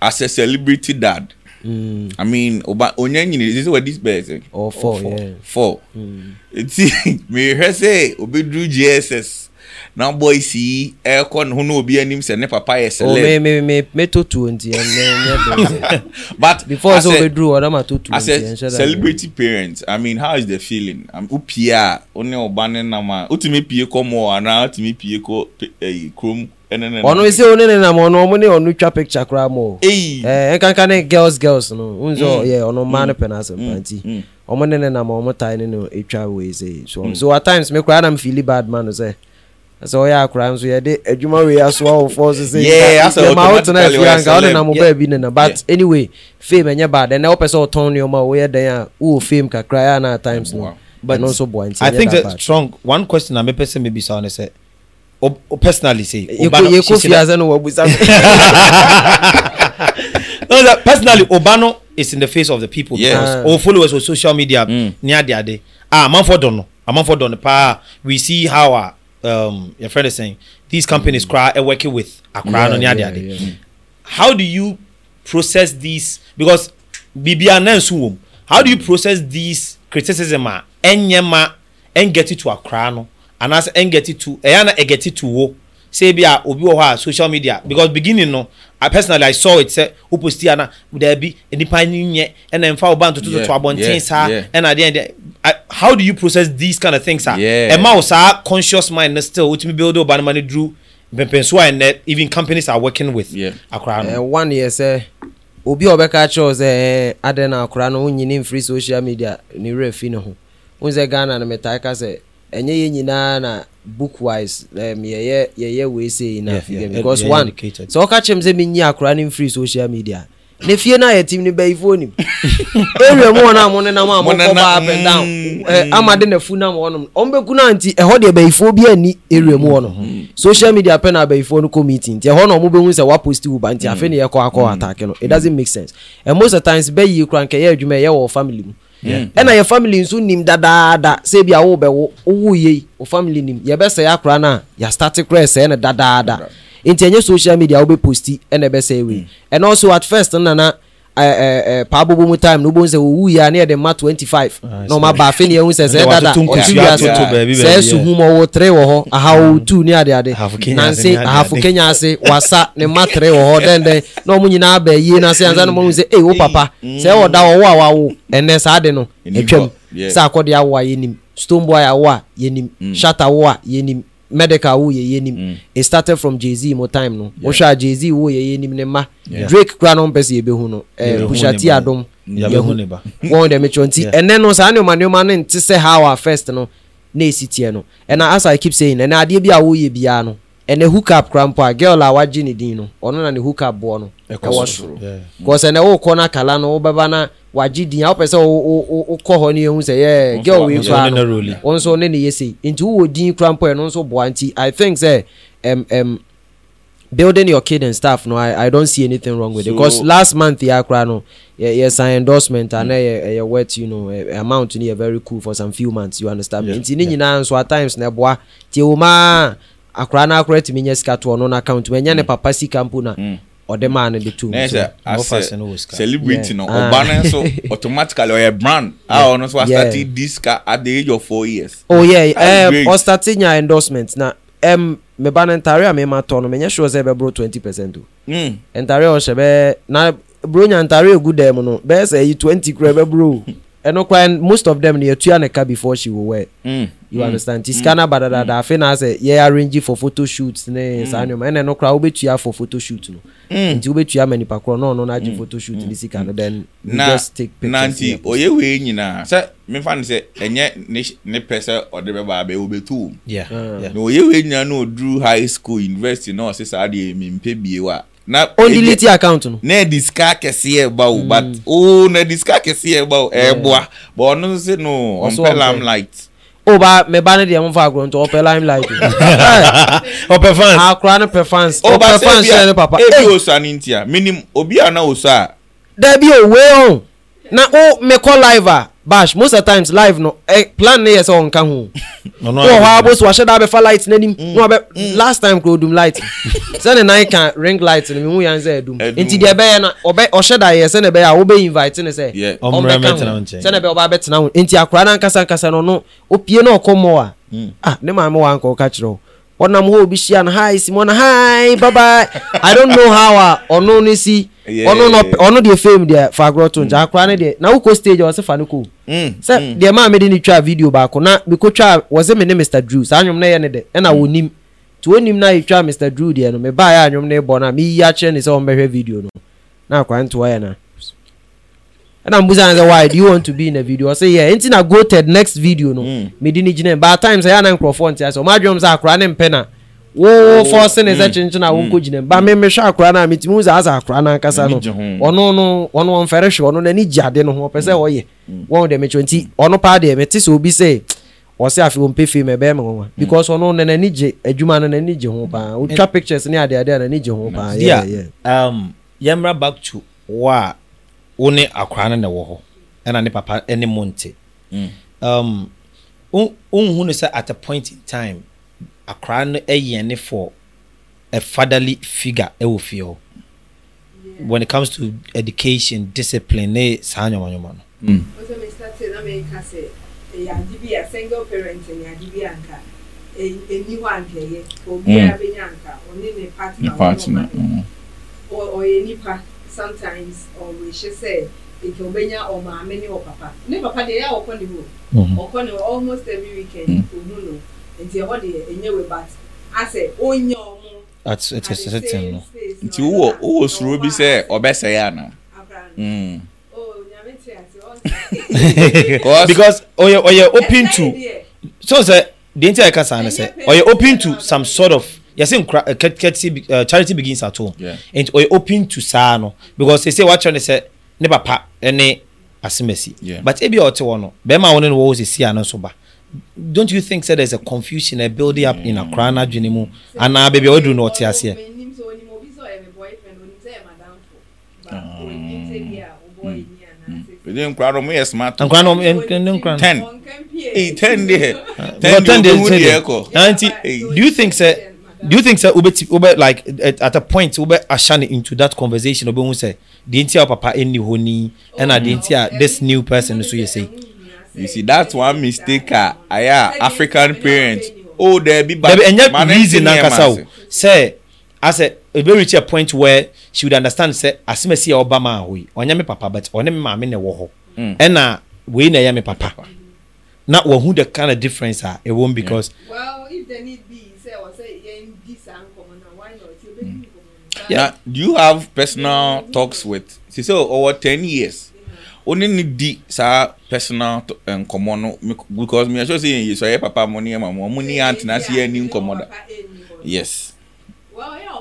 As a celebrity dad. Mm. I mean, Oba Onyanyi, this is what this person. Eh? Or oh, four, yeah. Four. Mm. See, [LAUGHS] me hear Obi drew GSS. Now boy see aircon who no Obi anim say ne papa is celeb. Oh me me me me to two and [LAUGHS] But before so Obi drew other ma to two. As a celebrity parent, I mean, how is the feeling? I'm upia only Oba ne na ma. Utimi pie ko mo ana utimi pie ko eh, Chrome ɔno sɛ wo ne ne nam ɔno ɔmo ne ɔno twa picture koraa mɔ ɛnkanka ne girls girls no wonsɛ yɛ ɔno ma no pɛ no asɛm nti ɔmo ne ne nam ɔmo tae ne no ɛtwa wei sɛ so at times me koraa na mfeeli bad ma no sɛ sɛ ɔyɛ akora nso yɛde adwuma wei asoa wofoɔ so sɛma wotena afie anka wode nam wobaa ne na but anyway fame ɛnyɛ bad ɛnɛ wopɛ sɛ ɔtɔn nneɔma a woyɛ dɛn a wowɔ fame kakra ɛ ana times no ɛno nso boa nti i think that strong one question a mepɛ sɛ mebisa wo ne sɛ o, personally say oba no she say that [LAUGHS] no that personally oba is in the face of the people. yes yeah. o followers on social media ní adi adi ah amanfo dono, amanfo ah, dono. Pa, we see how our uh, um, your friend is saying these companies mm. cry mm. Eh, are working with akra no ní adi adi how do you process this? because bibi anansu wom how do you process this criticism a ah, enyema ma get it to akra no anaasɛ ɛngɛti tu ɛyɛ na ɛgɛti tu wo sɛ bi a obi wɔ hɔ a social media because beginning no i personally i saw it sɛ o posti ana daabi nipa ni nyɛ ɛna nfa o ba ntoto toto abɔnten saa ɛna adeɛ adeɛ how do you process these kind of things ah ɛma o saa conscious mind na still o ti mi build o ba ne ma ne duru mpɛmpɛnso a ɛnɛ even companies are working with akora no. Eh, one yɛ sɛ obi a ɔbɛka kyerɛw sɛ eh, adan na akora no o nyini nfiri social media ne werɛ fi ne ho n sɛ ghana no mɛtaa ka sɛ ɛnyɛ yɛ nyinaa na book wise um, yɛyɛ yɛyɛ wei sɛ enough yeah, yeah, because yeah, one sɛ so, ɔka kyerɛm sɛ menyi akora no mfiri social media ne fie no a yɛtim no bɛyifoɔ nim area [LAUGHS] mu wɔn a mo nenam a mokɔ baa pɛ down ɛ mm, eh, mm. ama de nafu nam wɔnom ɔmo bɛku no nti ɛhɔ eh, deɛ bɛyifoɔ bi ani area mu wɔnom mm, social media pɛ na bɛyifoɔ no kɔ meeting nti ɛhɔ eh, na ɔmo bɛhu sɛ waposti wo ba nti afei ne yɛkɔ akɔ ataake no it doesn't make sense and most of the times bɛyi kora nkɛyɛ adwuma yɛ wɔ family mu Mm. ɛna yɛ family nso nim dadaada sɛ bi a wo bɛwo wowo yei wo family nim yɛbɛsɛe akora no a yɛastarte kora ɛsɛe no dadaada nti ɛnyɛ social media awo posti. ɛna ɛbɛsɛe wei mm. ɛna also at first nana Eh, eh, eh, paa bobo mu time na obo nsɛ owu yi a ne yɛ de ma twenty five ah, na ɔma ba afei ne yɛn sɛ sɛ dada ɔtu bi mm. ase sɛ esu hum ɔwɔ tere wɔ hɔ aha owu tu ne adeade nansi ahafo kenya ase wasa ne ma tere wɔ hɔ dɛndɛn No, ɔmo nyinaa bɛ yie na se ansa na ɔmo sɛ ee o papa sɛ ɔda ɔwɔ a wawo ɛnɛ saa de no etwam sɛ akɔde awo a yɛ nim stone boy awo a yɛ nim mm. shatter awo a yɛ nim medical wo yɛyɛ nim mm. it started from jay-z mo time no wohwɛ yeah. jay-z wo yɛyɛ nim ne ma yeah. drake kora no mpɛ sɛ yɛbɛhu no eh, pushati adom yɛhu [LAUGHS] wɔn dɛm kyerɛ nti ɛnɛ no saa nneɛma nneɛma no nte sɛ how our first no Ne ɛsi teɛ no ɛna as i keep saying ɛnɛ adeɛ bi a woyɛ biara no ɛnɛ hookup kora a girl a wagye ne din no ɔno oh, na ne hookup boɔ no ɛwɔ soro because ɛnɛ wokɔ no akala no wobɛba na wagye din a wopɛ sɛ wokɔ hɔ no yɛhu sɛ yɛ girl wei koraa no wo nso ne ne yɛ sei nti wowɔ din kora mpo ɛno nso boa nti i think sɛ um, um, building your kid and staff. no i i don't see anything wrong with so, it because last month yà kura no yẹ yẹ endorsement mm. and yẹ yẹ wet you know eh, eh, amount ni yẹ very cool for some few months you understand me nti ne nyinaa nso at times na ẹ bua tie o oh, maa. Yeah akwaraa no akora tumi nyɛ sika to ɔno no account ma ne mm. papa si mpo na mm. ɔde maa no de tom celebrity no ah. ɔba no nso [LAUGHS] automatically ɔyɛ brand a ɔno nso astate this car at the age of four years oh yeah eh, ɔstate nya endorsement na um, meba no ntare a mema tɔ no menyɛ sure sɛ ɛbɛboro 20 percent o mm. a ɔhyɛ bɛɛ na bro nya ntare egu dɛm no bɛɛ sɛ yi 20 kura ɛbɛboro [LAUGHS] ɛno kora most of them no yɛtua ne ka before she wo wear mm you mm. understand ti mm. scanner mm. da afei na sɛ yɛ arrange for photo shoot ne mm. saa nneɛma ɛna ɛno koraa wobɛtua for photo shoot no nti wobɛtua ma nipa korɔ na ɔno no agye photo shoot ne sika no then you just take pictures na nti oyɛ wei nyinaa sɛ mefa no sɛ ɛnyɛ ne pɛ sɛ ɔde bɛba abɛ wobɛtu wom na oyɛ wei nyinaa na ɔduru high school university na ɔse saa deɛ mempɛ bie wa na only liti account no na ɛde sika kɛseɛ ba o but oo na ɛde sika kɛseɛ ba o ɛɛboa e but ɔno nso no ɔmpɛ lamlight o ba mɛ ba ne deɛ mo fa akoronto ɔpɛ limelight ɔpɛ [LAUGHS] eh. fans akora ne pɛ fans ɔpɛ fans yɛ ne papa. ebi eh. osa ni n tia minim obi a na osa. dɛbi owe o na o mekɔ live a bash most of the times live no eh, plan ne yɛ sɛ ɔnka ho wɔ hɔ abo so wahyɛ da abɛfa light n'anim na mm, wabɛ mm. last time kuro dum light [LAUGHS] sɛne nan kan ring light mi mehu yan sɛ adum nti deɛ ɛbɛyɛ na ɔbɛ ɔhyɛ da yɛ sɛne ɛbɛyɛ a wobɛ invite ne sɛ ɔmbɛka ho sɛne ɛbɛyɛ ɔba abɛtena ho nti akora no ankasa ankasa no no opie na ɔkɔ mɔ a ah ne maame wa anka ɔka kyerɛ wo ɔnam hɔ obi hyia no hi simona hi bye bye i don't know how a ɔno ne si ɔno no ɔno deɛ fam deɛ fagorɔ to nkyɛn mm. akora ne deɛ na wokɔ stage a wɔsɛ fa ne ko mm, sɛ mm. deɛ maa mi de ne twa video baako na biko twa wɔsɛ me ne mr drew saa anwom na yɛ ne dɛ ɛna wɔnim tí wɔnim na yɛ twa mr drew deɛ no mebaa yɛ anwom ne bɔ na meyi akyerɛ ne sɛ wɔn bɛhwɛ video no na akora ntoa yɛ na ɛna mbusa sɛ why do you want to be in a video ɔsɛ yɛ nti na go ted next video no medi ne gyina by time sɛ yɛ anan nkurɔfoɔ nti asɛ ɔmo adwom sɛ akora ne mpɛ na wo fɔɔse ne sɛ kyenkyen a wonko gyina ba me mehwɛ akora no a metumi hu sɛ asa akora no ankasa no ɔno no ɔno ɔmfɛre hwɛ ɔno n'ani gye ade no ho ɔpɛ sɛ ɔyɛ wɔn deɛ mekyerɛ nti ɔno paa deɛ hmm. mete sɛ obi sɛ ɔsɛ afei ɔmpɛ fie ma ɛbɛyɛ ma wɔn a because ɔno na n'ani gye adwuma no n'ani gye ho paa otwa pictures ni adeade a n'ani gye ho paa yɛ yɛ. yɛmmra back to wo wo ne akora no na ɛwɔ hɔ ɛna ne papa ne mo nte nhunu sɛ at a point in time akwaraa no yɛne for a fatherly figure wɔ fie hɔ when it comes to education discipline ne saa nyɔmanyɔma no. Mm. ɛni hɔ ankɛyɛ obiara mm. bɛnya anka ɔne ne partner ɔyɛ nipa sometimes ɔwɔhyɛ sɛ nti ɔbɛnya ɔmaame ne ɔpapa ne papa deɛ yɛ a ɔkɔ ne ho mm-hmm. ɔkɔ ne ho almost every weekend mm. ɔhu no nti ɛhɔ deɛ ɛnyɛ wɛ asɛ onyɛ ɔmo at at a certain no nti wowɔ wowɔ suro bi sɛ ɔbɛsɛe ana because ɔyɛ ɔyɛ open to so sɛ deɛ nti a yɛka saa no sɛ ɔyɛ open to some sort of yɛsɛ nkura kɛtɛ charity begins at home And ɔyɛ open to saa no because sɛ wakyerɛ ne sɛ ne papa ne asemasi but ebi a ɔte hɔ no bɛrima a wɔne no wɔ hɔ sɛ si ano nso ba don't you think say there's a confusion a building up in mm. Accra na adwene mu ana uh, baby o do na ɔte aseɛ. ɛdi nkura no mo yɛ smart. nkura no ɛdi eh, eh, nkura no. ten eh, ten deɛ [LAUGHS] ten deɛ o bɛ mu deɛ nanti do you think say do you think say obeti obe like at, at a point obe ashani into that conversation obe hun say di nti a papa eni honi ɛna di nti a this new person nso yɛ sey you see that's one mistake a ah, ayɛ ah, african parents o dɛ bi ba ɛnyɛ reason nankasa o sɛ asɛ ebi reach a point where she would understand sɛ asemasi a ɔba maa oyi ɔnyɛ mi papa but ɔne mi maame na ɛwɔ hɔ ɛna wei na ɛyɛ mi papa hmm. na wɔhu the kind of difference a ɛwɔ mu because. well if the need be sɛ ɔsɛ yɛn di saa nkɔmɔ na why not yɛ bɛ di nkɔmɔ. yeah do you have personal talks with sisɛ over ten years oni ni di saa personal eh, nkɔmɔ no because mi asɔ se yɛn yɛ sɔ yɛ papa mo ni yɛ mamu ɔmo ni yɛ antena se yɛ ni nkɔmɔ da yes. wọ́n yà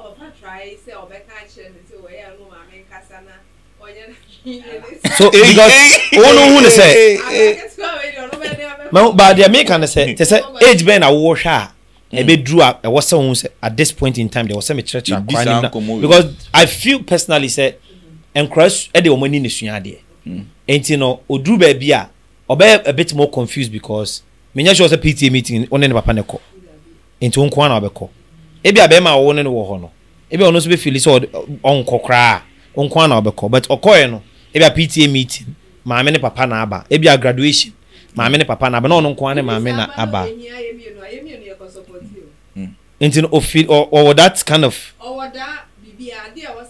try sẹ́ ọ̀bẹ ká kyerẹ́ ní sẹ́ wọ́n yà na ọ̀nyẹ́ so because wọn ò hun ni sẹ. mẹ baadi mi kan sẹ tẹ sẹ age bẹ́ẹ̀ na wọ́wọ́ hwẹ́ a ɛbɛ duru a ɛwɔ sɛ wɔn sɛ at this point in time de ɛwɔ sɛ mi kyerɛkyerɛ akwa ne mu na because i feel personally sɛ nkura ɛde wɔn ani ni sua adeɛ nti no oduru baabi a ɔbɛyɛ a bit more confused because menya sure sɛ pta meeting ɔne ne papa ne kɔ nti wo nkoa na ɔbɛkɔ ebi a bɛrima a ɔwɔ ne no wɔ hɔ no ebi a ɔno nso bɛfili sɛ ɔnkɔ koraa wo nkoa na ɔbɛkɔ but ɔkɔɛ no ebi a pta meeting maame ne papa na aba ebi a graduation maame ne papa na aba na ɔno nkoa ne maame na aba mm. nti no ɔwɔ that kind of. ɔwɔ that bibi adi a wɔ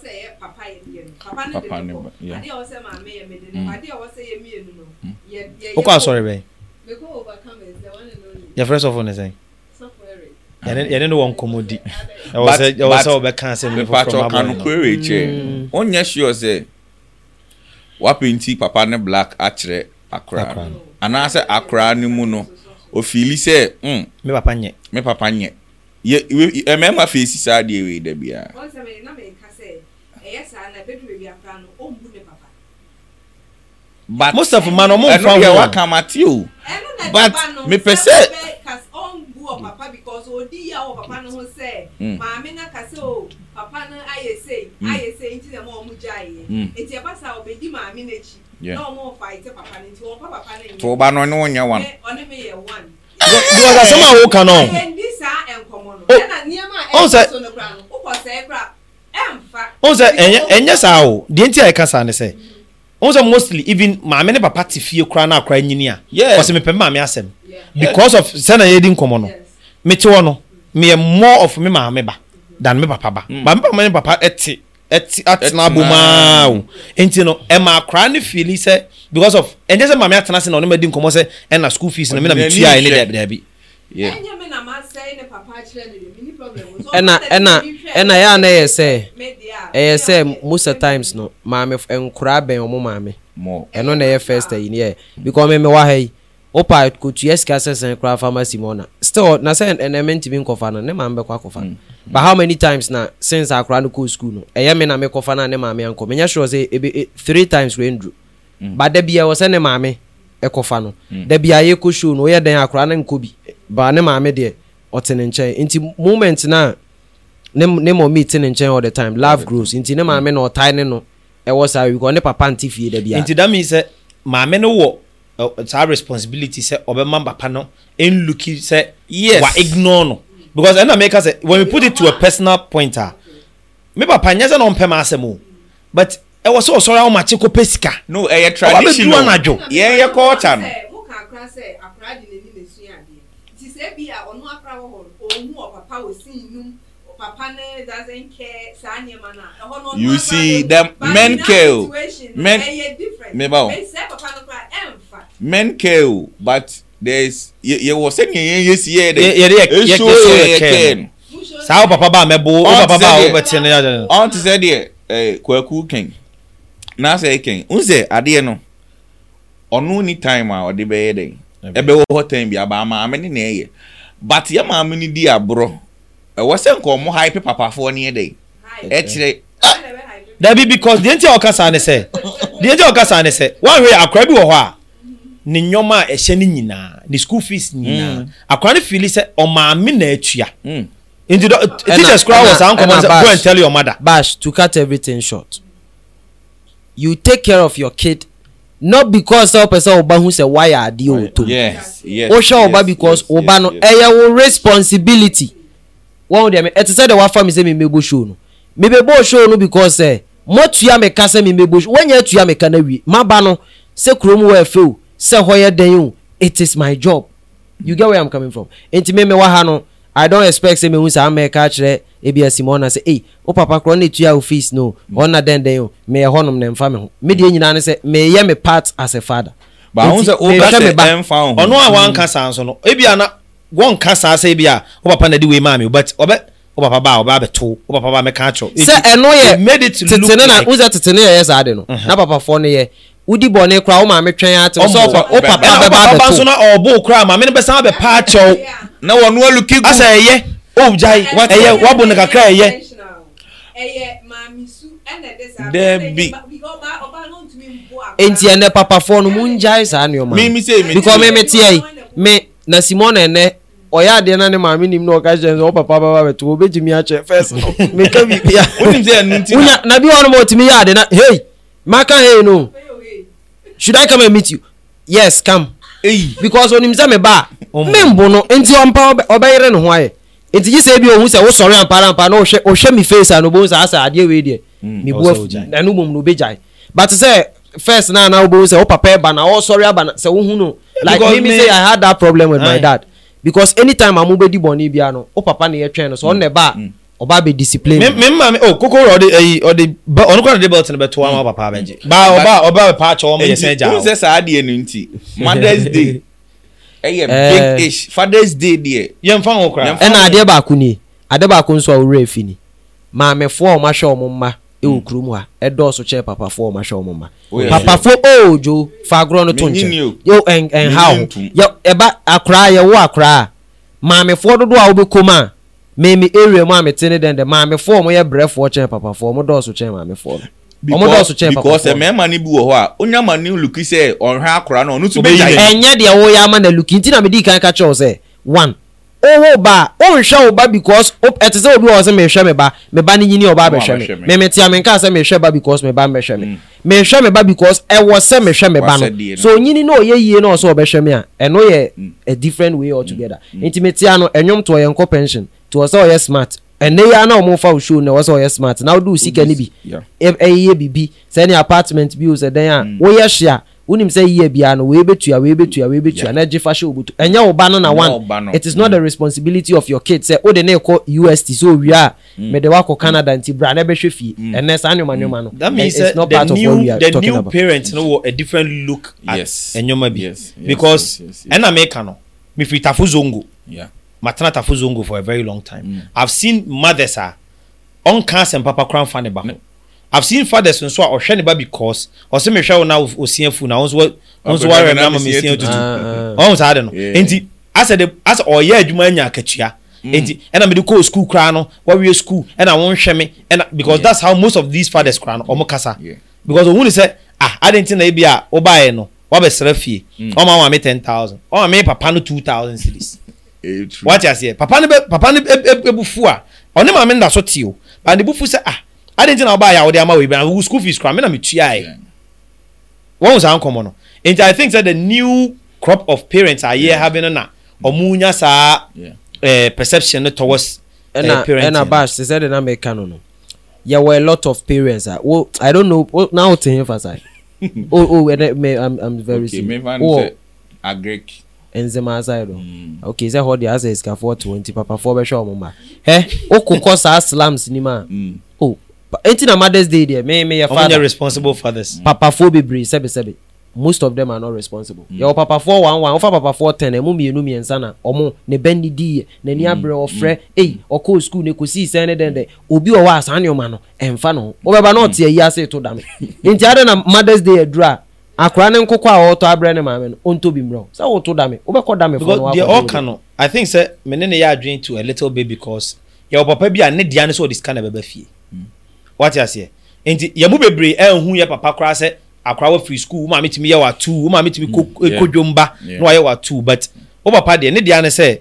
papa ne ba ya wokɔ asɔre bɛn yɛfrɛ sɔfo ne sɛn yɛne ne wɔ nkɔmmɔdi ɛwɔ sɛ wobɛka asɛm ne foforɔmapatɔkanokora kyɛ ɔnyɛ sure sɛ wapenti papa ne black akyerɛ akora no anaasɛ akora no mu no ofili sɛ mm, me papa nyɛ me papa nyɛ mmarima fɛsi saa deɛ wei da biara ɛyɛ saa na ebedu beebi akora no o mbu ne papa. but mustapha man ọmọ nfa wọn ẹnu yẹ waka ma ti o but mepẹ sẹ. ɔmbu wɔ papa because odi yà papa no ho sɛ hmm. kase o oh, papa no ayɛ sei hmm. ayɛ sei nti na ɛma ɔmo gya ayɛ hmm. nti ɛba sa ɔbɛdi maame n'akyi na ɔmo fa papa papa to ba no ɔne wo nyɛ one. ɔne mi one. because asɛm a woka no. Oh. ɛyɛ oh, wọn sɛ ɛnyɛ ɛnyɛ saa o deɛ nti a yɛka saa ne sɛ wọn sɛ mostly even maame ne papa te fie koraa na akora nyini a wɔsɛ mepɛ maame asɛm because of sɛna yɛdi nkɔmɔ no mete hɔ no meyɛ more of me maame ba than me papa ba mm. maame papa ne papa ɛte ɛti atena abomaa o nti no ɛma akora ne fili sɛ because of ɛnyɛ sɛ maame atena se na ɔno ma di nkɔmɔ sɛ ɛna school fees na mi na mi tua yɛ ne dɛbi dɛbi ɛna ɛna ɛna yɛ a na ɛyɛ sɛ ɛyɛ sɛ most of times no maame nkoraa bɛn ɔmo maame ɛno na ɛyɛ first ɛyi ne yɛ because ɔmo mi wá ha yi wopa kotua sika sɛsɛn koraa pharmacy mu ɔna still na sɛ ɛnɛmɛ ntumi nkɔfa no ne maame bɛkɔ akɔfa mm, mm. but how many times na since akora no kɔ school no ɛyɛ mi na mi kɔfa na ne maame ankɔ menya sure sɛ ebi e, three times wɛn duro mm. but dabi a wɔ sɛ ne maame ɛkɔfa no dabi a yɛ kɔ show no oyɛ dɛn akora ne nkɔ bi baa ne maame deɛ ɔte ne nkyɛn nti moment na ne ne mɔmi te ne nkyɛn all the time love grows nti ne maame na ɔtae ne no ɛwɔ saa wikɔ ne papa nte fie da bia nti dami sɛ maame no wɔ saa responsibility sɛ ɔbɛma papa no nluki sɛ yes wa ignore no because ɛna mɛka sɛ when we put it to a personal point a me papa nyɛ sɛ na ɔmpɛ ma asɛm o but ɛwɔ sɛ ɔsɔre awomakye kɔpɛ sika no ɛyɛ traditional ɔba bɛ du anadwo yɛn yɛ kɔɔta no bi a ɔno akora wɔ hɔ ɔmu ɔpapa wɔ sin num papa ne doesn't care saa nneɛma na ɛhɔ no you see the men care o men ɛyɛ different o men care o but there is yɛ yɛ wɔ sɛ nìyɛn yɛ si yɛ dɛ yɛ de yɛ so yɛ care no saa o papa baa mɛbo o papa baa o bɛ tiɛ ne yadɛ no ɔn ti sɛ deɛ ɛɛ eh, kwaku kɛn n'asɛ kɛn n sɛ adeɛ no ɔno ni time a ɔde bɛyɛ dɛ ɛbɛwɔ hɔ tɛn bi aba maame ne na ɛyɛ but yɛ maame no di aborɔ ɛwɔ sɛ nkɔmɔ ha pe papafoɔ ne yɛ dɛ ɛkyerɛ. dabi because deɛ nti a ɔkasa ne sɛ deɛ nti a ɔkasa ne sɛ wɔahwɛ akora bi wɔ hɔ a ne nneɛma a ɛhyɛ ne nyinaa ne school fees nyinaa mm. akora no fili sɛ ɔmaame na atua. Mm. nti dɔ teachers kura wɔ saa nkɔmɔ sɛ go and tell your mother. bash to cut everything short you take care of your kid not because ọ pẹsẹ ọba hun sẹ wáyà adi o tó o ṣe ọba because ọba no ẹ yẹ wo responsibility wọn dẹ mi ẹ ti sẹ de wa fa mi sẹ mi mebo show no mi bebo show no because ẹ eh, mo tuya mi ka sẹ mi mebo show wọn yẹ tuya mi ka na wi ma ba no sẹ kurom wọ ẹfẹ o sẹ họ yẹ den o it is my job you get where i'm coming from nti mi mi wa ha no i don expect say mi hun sẹ amẹ ah, ká kyerẹ ebi ɛsi mu ɔna sɛ ei wo papa korɔ ne tua office no ɔna dɛndɛn o meyɛ hɔnom na mfa me ho medeɛ nyinaa ne sɛ meyɛ me part as a father O ɔno a wanka saa nso no ebia na wɔnka saa sɛ ebia wo papa na de wei maa me but ɔbɛ wo papa baa ɔbaa bɛto wo papa baa mɛka akyerɛ sɛ ɛno yɛ tetene na wosɛ tetene yɛyɛ saa de no uh-huh. na papafoɔ no yɛ wodi bɔne koraa wo maame twɛn ate sɛ wo papa bɛba bɛto nso na ɔɔbo koraa maame no bɛsan bɛpa akyɛw na wɔnoa luki gu asɛ ɛyɛ o gyae ɛyɛ wabɔ ne kakra ɛyɛ. dɛbi nti ɛnɛ papafoɔ no mu ngyae saa nneɛma bikɔ mi mi teɛ yi mi na simon ɛnɛ ɔyɛ adeɛ na ne maame nim na ɔka kyerɛ sɛ papa baba bɛto obɛgye mi akyɛ fɛs [LAUGHS] meka [LAUGHS] ya. wonya na bi hɔ no ma ɔtumi yɛ ade na hei maka hey no should i come and meet you yes come because onim sɛ meba membo no nti ɔmpa ɔbɛyere ne ho ayɛ nti yi sɛ ebi ohun sɛ wosɔre amparampa na ohwɛ ohwɛ mi face a na nsa asa adeɛ wei deɛ mi bu ɛnu bom na obe gyae but sɛ first na na obo sɛ o papa ɛba na ɔsɔre aba na sɛ ohun no like me say i had that problem with my dad because anytime amu bɛ di bɔnni bia no o papa na yɛ twɛn no so ɔn na ɛba ɔba bɛ discipline. mi mi maa mi o koko wura ɔde eyi ɔde ɔno kora de belt na bɛ to ama papa bɛ gye. ba ɔba ɔba bɛ pa akyɛw ɔmo yɛ sɛ gya o. n sɛ saa adiɛ no nti mother's day ɛyɛ eh, big ish fathers day deɛ. yɛn fa wɔn kora. ɛna adeɛ baako nie adeɛ baako nso a owurɛ efi ni maamefoɔ a wɔn ahwɛ wɔn mma ɛwɔ hmm. kurom ha ɛdɔɔso kyɛ papafoɔ a wɔn ahwɛ wɔn mma oh, papafoɔ oojo fagorɔ no to nkyɛn yɛ ɛn ɛnha wɔn yɛ ɛba akora yɛwɔ akora maamefoɔ dodoɔ a wɔbɛkɔ mu a mɛmi area mu a mɛte ne dɛn dɛ maamefoɔ a wɔyɛ brɛfoɔ kyɛn papafoɔ wɔn dɔɔso kyɛn maamefoɔ no ọmọ dọọso kyɛn papa because mmarima ni bi wɔ hɔ a onye ama ni luki sɛ ɔhwɛ akora na ɔno tún bɛ yà yìí. ɛnyɛ deɛ wɔyɛ ama na luki ntina mi di kan ka kyerɛw sɛ one owó ba ohunhwɛ ɔba because ɛte sɛ obi wɔ sɛ mehwɛ me ba me ba ne nyini ɔba abɛhwɛ me mɛmɛ tia me nka sɛ mehwɛ ba because me ba mbɛhwɛ me mehwɛ me ba because ɛwɔ sɛ mehwɛ me ba no so onyini na ɔyɛ yie na ɔsɛ ɔbɛhwɛ me a ɛno yɛ a different way altogether nti me tia no ɛnwom to ɔyɛ nkɔ pension to ɔsɛ ɔyɛ smart ɛnɛ yi ana ɔmo fa o show na ɛwɔ sɛ ɔyɛ smart na ɔde o sika ne bi ɛyɛ bibi sɛ ne apartment bi o sɛ dan a woyɛ hyia wonim sɛ yiyɛ biara no weebetua weebetua weebetua na gye fahyɛ obutu ɛnyɛ ɔba no na one it is not the mm. responsibility of your kid sɛ o de ne kɔ ust so owia a mɛde wa kɔ canada nti bra na ɛbɛhwɛ fie ɛnɛ saa nneɛma nneɛma no that means it's not part new, of what we are talking about the new parent no wɔ a different look at ɛnneɛma yes. bi yes, yes, because ɛna mɛka no mifiri tafo zongo. Yeah matana tafo zongo for a very long time mm. i've seen mothers are on ɔnka and papa crown nfa ne ba i've seen fathers mm. and nso a ɔhwɛ ne or because ɔsɛ mehwɛ now na osia fu na ɔnso wɔrɛ na ama mesia tutu ɔn saa de no nti asɛ de asɛ ɔyɛ adwuma anya akatua nti ɛna mede kɔɔ school crown no we school ɛna wɔnhwɛ me ɛna because that's how most of these fathers koraa no ɔmo kasa because ohun ni sɛ ah adan ti na be a ah, ɔbaayɛ eh, no What wabɛsrɛ fie ɔmo mm. oh, ama mi ten thousand ɔmo oh, ama papa no two thousand series wate aseɛ papa no papa no ebufu a ɔne maame nda so te o and ebufu sɛ ah adi nti na ɔbaa yɛ a ɔde ama wei bi na wo school fees kora me na me tua yɛ wɔn saa nkɔmɔ no nti i think sɛ the new crop of parents a yɛ ha bi no na ɔmo nya saa ɛɛ perception no towards ɛɛ parenting ɛna bash sisɛ de na mɛ ka no no yɛ wɔ a lot of parents a wo i don't know wo na wo te hin fa sa o o ɛnɛ mɛ i'm i'm very okay, serious. okay mɛ fan sɛ agric nzema aside o mm. okay sɛ hɔ deɛ asɛ sikafoɔ twenty papafoɔ bɛhwɛ ɔmo ma hɛ okokɔ saa slams nim a o eti na mothers day deɛ me me yɛ father ɔmo yɛ responsible fathers mm. papafoɔ bebree sɛbisɛbi most of them are not responsible. Mm. yɛwɔ papafoɔ one one wofa papafoɔ ten ɛmu mmienu mmiɛnsa na ɔmo ne bɛn ne di yɛ n'ani mm. abere ɔfrɛ eyi ɔkɔɔ sukuu ne kò sii sɛn ne dɛn dɛ obi wɔ hɔ a saa nneɛma no ɛnfa no ho ɔbɛba na ɔte ayi ase to dame nti adi na mothers day adura e akora ne nkokɔ a ɔɔtɔ abrɛ ne maame no ɔntɔ bi mmerɛ sɛ woto dame wobɛkɔ dame fɔ no deɛ ɔka no i think sɛ me ne ne yɛ adwene to a little bit because yɛwɔ papa bi a ne dea no sɛ ɔde sika na bɛba fie mm. wate aseɛ nti yɛmu bebree ɛnhu yɛ papa koraa sɛ akora wɔ firi school maame tumi yɛ watu maame tumi kɔ dwom ba na wayɛ watu but wo papa deɛ ne dea no sɛ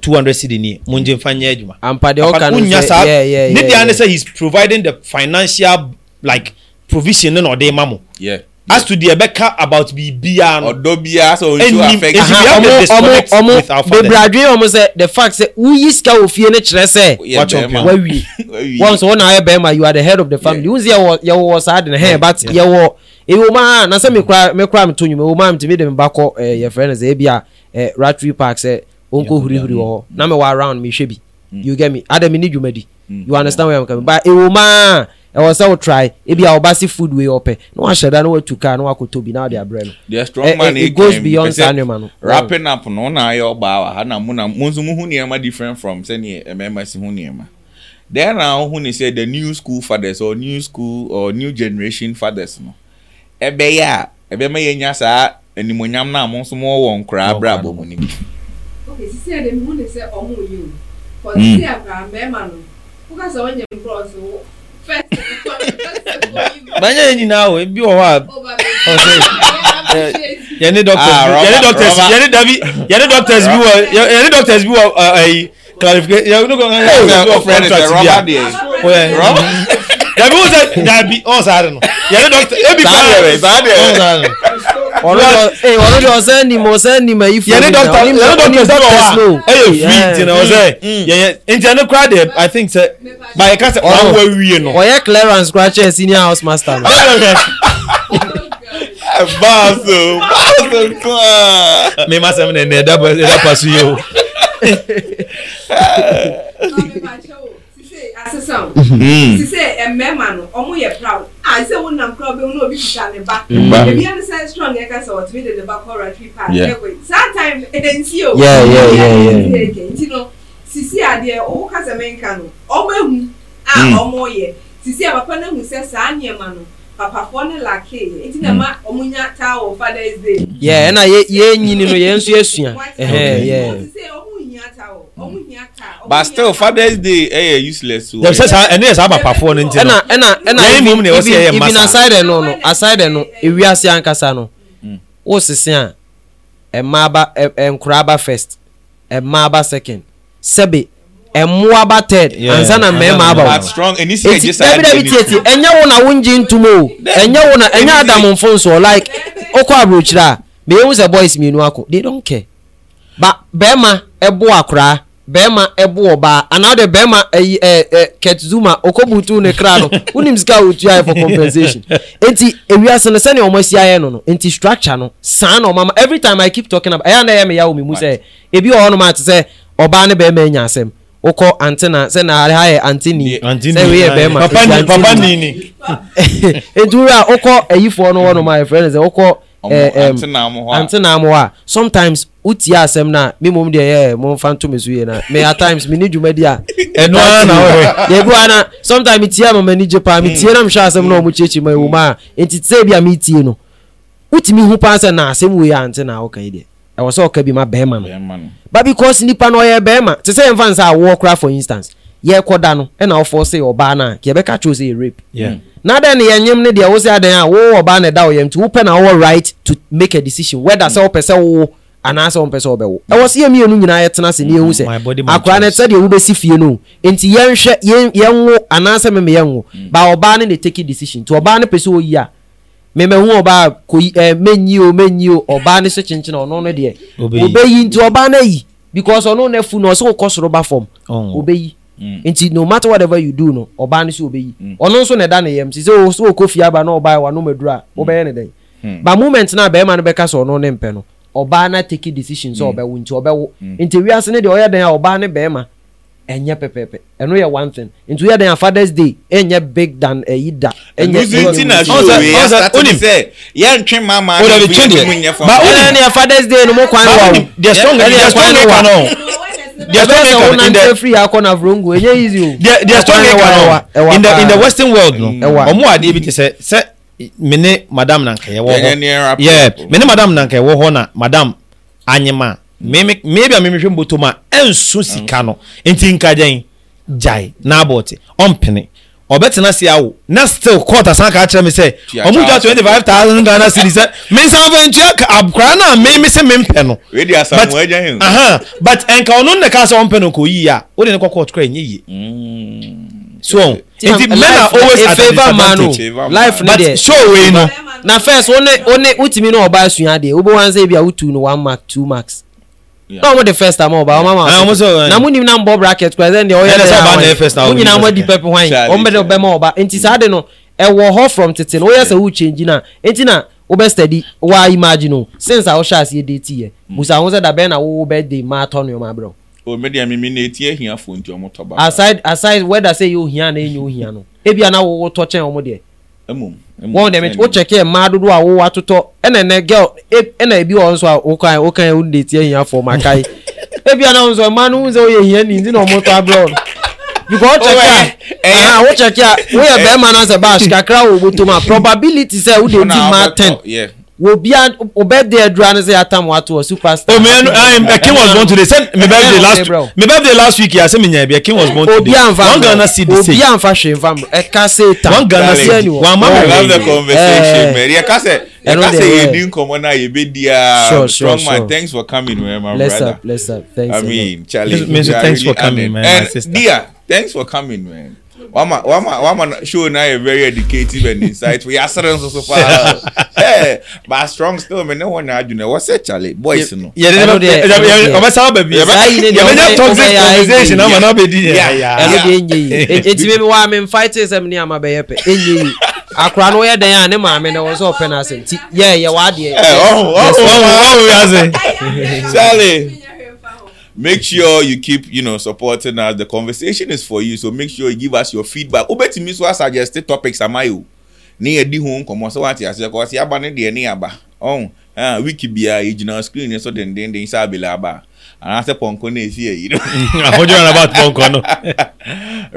two hundred cedi ni mo n jẹ nfa n adwuma. ampade ọkà no sẹ ne dea no sɛ he is providing the financial like provision na ɔde ma mo. Yeah as to the ɛbɛka about biribiya no ɔdɔ biya sɛ o nso affect ɛnim ɛti bi have a disconnect with our father bebree adwene the fact sɛ wuyi sika wɔ fie ne kyerɛ sɛ wawie wɔn nso wɔn na ayɛ bɛrima you are the head of the family wusi yɛwɔ yɛwɔ saa de ne hɛn but yɛwɔ ewu maa na sɛ mekura mekura mi to nyuma ewu maa mi ti mi de mi ba kɔ ɛɛ eh, yɛfrɛ ne sɛ ebi a ɛɛ eh, ratri park sɛ onko hurihuri wɔ hɔ na mi wɔ around mi hwɛ bi mm. you get me adam mi ni dwumadi mm. you understand where i'm coming but ewu maa. ɛwɔ sɛ wotry ebi a wɔba food wei ɔpɛ na wahyɛ da na watu kaa na wakɔtɔ bi na wode abrɛ no deɛ strong e, e, it goes beyond saa no up no na ayɛ ɔbaa wa ha na mo na mo nso mo nneɛma different from sɛneɛ mmarima si ho nneɛma then na ho ne sɛ the new school fathers or new school or new generation fathers no ɛbɛyɛ a ɛbɛma yɛnya saa animonyam na mo nso mo wɔ nkoraa brɛ abɔ no bi sisi banyere nyinaa o ebi wɔ hɔ a ɔsɛ eh, yɛne doctors ah, yɛne doctors yɛne dabi yɛne doctors bi wɔ yɛne doctors bi wɔ ɛyi eh, eh, clarification yɛne doctors bi wɔ contract bi a dabi wo sɛ dabi ɔn saa de no yɛne doctors ebi kwan ɔn saa de no ọ̀rọ̀ ọ̀sẹ̀ ni mo sẹ́ ni mẹ̀ yìí fún mi. yẹni dọ́kítà yẹni dọ́kítà sọ̀rọ̀ wa ẹ yẹ fi jìnnà ọ̀sẹ̀ yẹyẹ ntẹ̀ ní kura dẹ̀ i think sẹ báyẹ̀ ká sẹ wàá wọ ewie nù. ọ̀yẹ́ clearance kura chair senior house master. báàsù báàsù kúrò. mi ma sẹ́mi nẹ̀ ẹ̀dá pàṣẹ yìí o. [LAUGHS] asesan mhm. hmm. sise mmarima no ɔmo yɛ proud a sɛ wo nam kora bɛmu na obi kita ne ba ebi ɛni sɛ strong yɛ kasa wɔtumi de ne ba kɔ ratri park ɛkɔ saa time [LAUGHS] ɛnti o nti no sisi adeɛ ɔwɔ kasa mɛnka no ɔmo ehu a hmm. ɔmo yɛ sisi a papa n'ehu sɛ saa nneɛma no papafoɔ ne lake eti na hmm. ma ɔmo nya taa wɔ father's day. yɛ ɛna yɛ yɛ nyini no yɛn nso yɛ sua ɛhɛn yɛ. ɔmo sise ɔmo nya taa wɔ but still father's day ɛyɛ eh, useless o. dem sɛ saa ɛne yɛ saa papafoɔ no nti no ɛna ɛna ɛna ibi na aside no no aside no ewiase ankasa no wosisi mm. a ɛmaa ba ɛ nkoraa ba first ɛmaa ba second sɛbi ɛmoa ba third ansa na mɛɛma aba wo eti dabi dabi tie tie wo na wo ngye ntum o ɛnyɛ wo na ɛnyɛ adamu nfonso like okɔ aburokyerɛ a mɛ ehu boys mienu akɔ they don't care ba bɛɛma ɛbo akora bɛrima ɛbo ɔbaa anaa de bɛrima ɛyi eh, ɛ eh, ɛ eh, kɛt zuma okobutu ne kra no wunim [LAUGHS] sika otua yɛ for compensation nti ewiase no sɛnea wɔn asi ayɛ no no nti structure no saa na ɔmo ama every time i keep talking about ɛyà na mi ya omi mu sɛ ebi wɔ hɔnom ate sɛ ɔbaa ne bɛrima enya asɛm wokɔ antena sɛ na ha yɛ anteni sɛ wei yɛ bɛrima papa ni papa ni ni etu wura wokɔ ɛyifoɔ no hɔnom a yɛfrɛ no sɛ wokɔ. Eh, ante na amụ a sometimes utie asɛm na mmom deɛ yɛ momfa nto me so yie na me at times mene dwuma di a na metie a mama gye paa metie na mehwɛ asɛm na ɔmo ma ɛwɔ mu a sɛ bi a metie no wotumi hu na asɛm wei a ante na woka deɛ ɛwɔ sɛ ɔka bi ma bɛrima no ba because no ɔyɛ bɛrima te sɛ yɛmfa nsa awoɔ for instance yɛkɔda no ɛna sɛ ɔbaa no a yɛbɛka kyerɛw sɛ yɛ rape hmm. na dɛn ne yɛnyim ne deɛ wo sɛ a wo ɔbaa na ɛda wo nti wopɛ na wowɔ right to make a decision whether sɛ wopɛ sɛ wowo anaasɛ wompɛ sɛ wobɛwo ɛwɔ sɛ yɛ mmienu nyinaa yɛtena ase ne yɛhu sɛ mm, akora no sɛdeɛ wobɛsi fie no enti yɛnhwɛ yɛnwo anaasɛ meme yɛnwo mm. ba ɔbaa no ne take decision nti ɔbaa no pɛ sɛ ɔyi a mɛmɛhu ɔbaa koyi ɛɛ mɛnyi o mɛnyi o ɔbaa no so kyenkyen ɔno no deɛ obɛyi nti ɔbaa no ayi because ɔno no afu no ɔsɛ wokɔ soro fam obɛyi Mm. nti no matter whatever you do no ɔbaa no so ɔbɛyi ɔno mm. nso na ɛda ne yam sɛ sɛ ɔkɔ fie aba na ɔbaa wanom aduru a wobɛyɛ ne dɛn ba moment na bɛrima no bɛka sɛ ɔno ne mpɛ no ɔbaa na take decision sɛ ɔbɛwo mm. nti ɔbɛwo nti wiase ne deɛ ɔyɛ dɛn a ɔbaa ne bɛrima ɛnyɛ pɛpɛpɛ ɛno yɛ one thing nti yɛ dɛn a father's day ɛnyɛ big than ɛyi da. ɛnyɛ ti na so wei asatoli sɛ yɛn twɛn maa maa na bi mu nyɛ fɔ. ba o ni father's day no mo kwan wa o. the strong ɛni the strong kan no their strongmaker in the their their strongmaker in the in the western world no ɔmo mm. adeɛ bi te sɛ sɛ mene madam nanka yɛ wɔ hɔ yɛ mene madam nanka yɛ wɔ hɔ na madam anyima mmemme mmemme a mmemme hwɛ mbɔtɔ mu a ɛnso sika no nti nkagyɛn gyae n'abɔɔte ɔmpene ɔbɛtena se awo na still court asan ka akyerɛ mi sɛ ɔmu gya twenty five thousand ghana cedi sɛ minsanfa ntua akora na mimi se mi mpɛ no but but nka ɔno ne ka sɛ ɔmpɛ no kò yi a o de ne kɔ court kora nye yie so nti men are always at a disadvantage oh, but show wei no. na first one one utimi na ɔba asua deɛ obi wan sɛ ebi a utu no one mark two marks na ọmụ dị first time. ama ọba ọma ma na mụ nim na mbọ bracket kwa ẹsẹ ndị ọ yẹ dị ahụ mụ nyina mụ dị pẹpụ hwan ọmụ bẹ dị ọbẹ ma ọba nti saa dị nọ ɛwɔ hɔ from tete no oyɛ sɛ wo change na nti na wobɛ study wa imagine o since a mm. wohyɛ aseɛ oh, de ti yɛ eh, busa ho sɛ dabɛn na wo bɛ de ma atɔ nneɛma abrɛ o mi deɛ mimi na eti ehia fo nti ɔmo tɔ ba aside aside whether say yɛ ohia na enyo ohia no ebi ana wo tɔ kyɛn ɔmo deɛ wọn dɛmɛ o cɛ kɛ mmaa dodo a wowɔ atotɔ ɛna ɛnɛ girl ɛna ebi wɔ nso a wokan wokan o de tie hia fɔ ma ka yi ebi anam nso mmaa no nso yɛ hia ni nti na ɔmo tɔ abirɛ ɔno because o cɛ kɛ a aha o cɛ kɛ a o yɛ bɛrima na sɛ baasi kakra wo bɔ to ma probability sɛ o de ti ma ten obi a obirthday adura ne sɛ yatam wato wɔ superstar. o mɛ ɛn king was born today sɛ mi [LAUGHS] birthday last mi birthday last week yasɛ mi nya ebi king was born today obi anfa one ghana seed the same obi anfa hwɛ nfa mu ɛka se tam one ghana seed one eh. man wey love the conversation mɛ yɛka sɛ yɛka sɛ yɛ di nkɔmɔ na yɛ bɛ di aa uh, strong man thanks for coming man my brother bless up bless up thanks a lot i mean charlie you are really honour and dia thanks for coming man wama wama wama show na yɛ very educative and insightful yasere nso so far, ɛɛ but strong still mi ne ho na adwene wɔ sɛ kyale boys no. yɛrɛ bɛ yɛrɛ ɔbɛ sábà bɛ bi yɛrɛ bɛ yɛ toxic conversation ama n'a bɛ di yɛ. ɛnu de enye yi eti mi wa mi nfa ti sɛ mi ni ama bɛ yɛ pɛ enye yi akora no yɛ dɛn a ne maame na wɔn sɛ ɔpɛ na asɛm ti yɛ yɛ wa adeɛ. ɛ ɔhun ɔhun ɔhun ɔhun yɛ ase. kyale make sure you keep you know supporting us the conversation is for you so make sure you give us your feedback obetumi so asageste topics amayo ne yɛ di ho nkɔmɔ sɛ wate aseɛ kɔ ɔsi aba ne deɛ ne aba ɔn ah, wiki bia egyina screen ne so den sɛ abele aba anaasɛ pɔnkɔ na esi ɛyi e, [LAUGHS] no. ahojo and about pɔnkɔ no.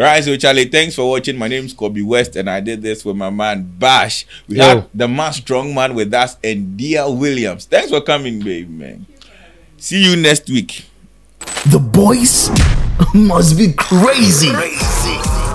right so charlie thanks for watching my name is kobe west and i did this with my man bash we Yo. had the man strong man with us and dear williams thanks for coming babe man see you next week. The boys must be crazy. crazy.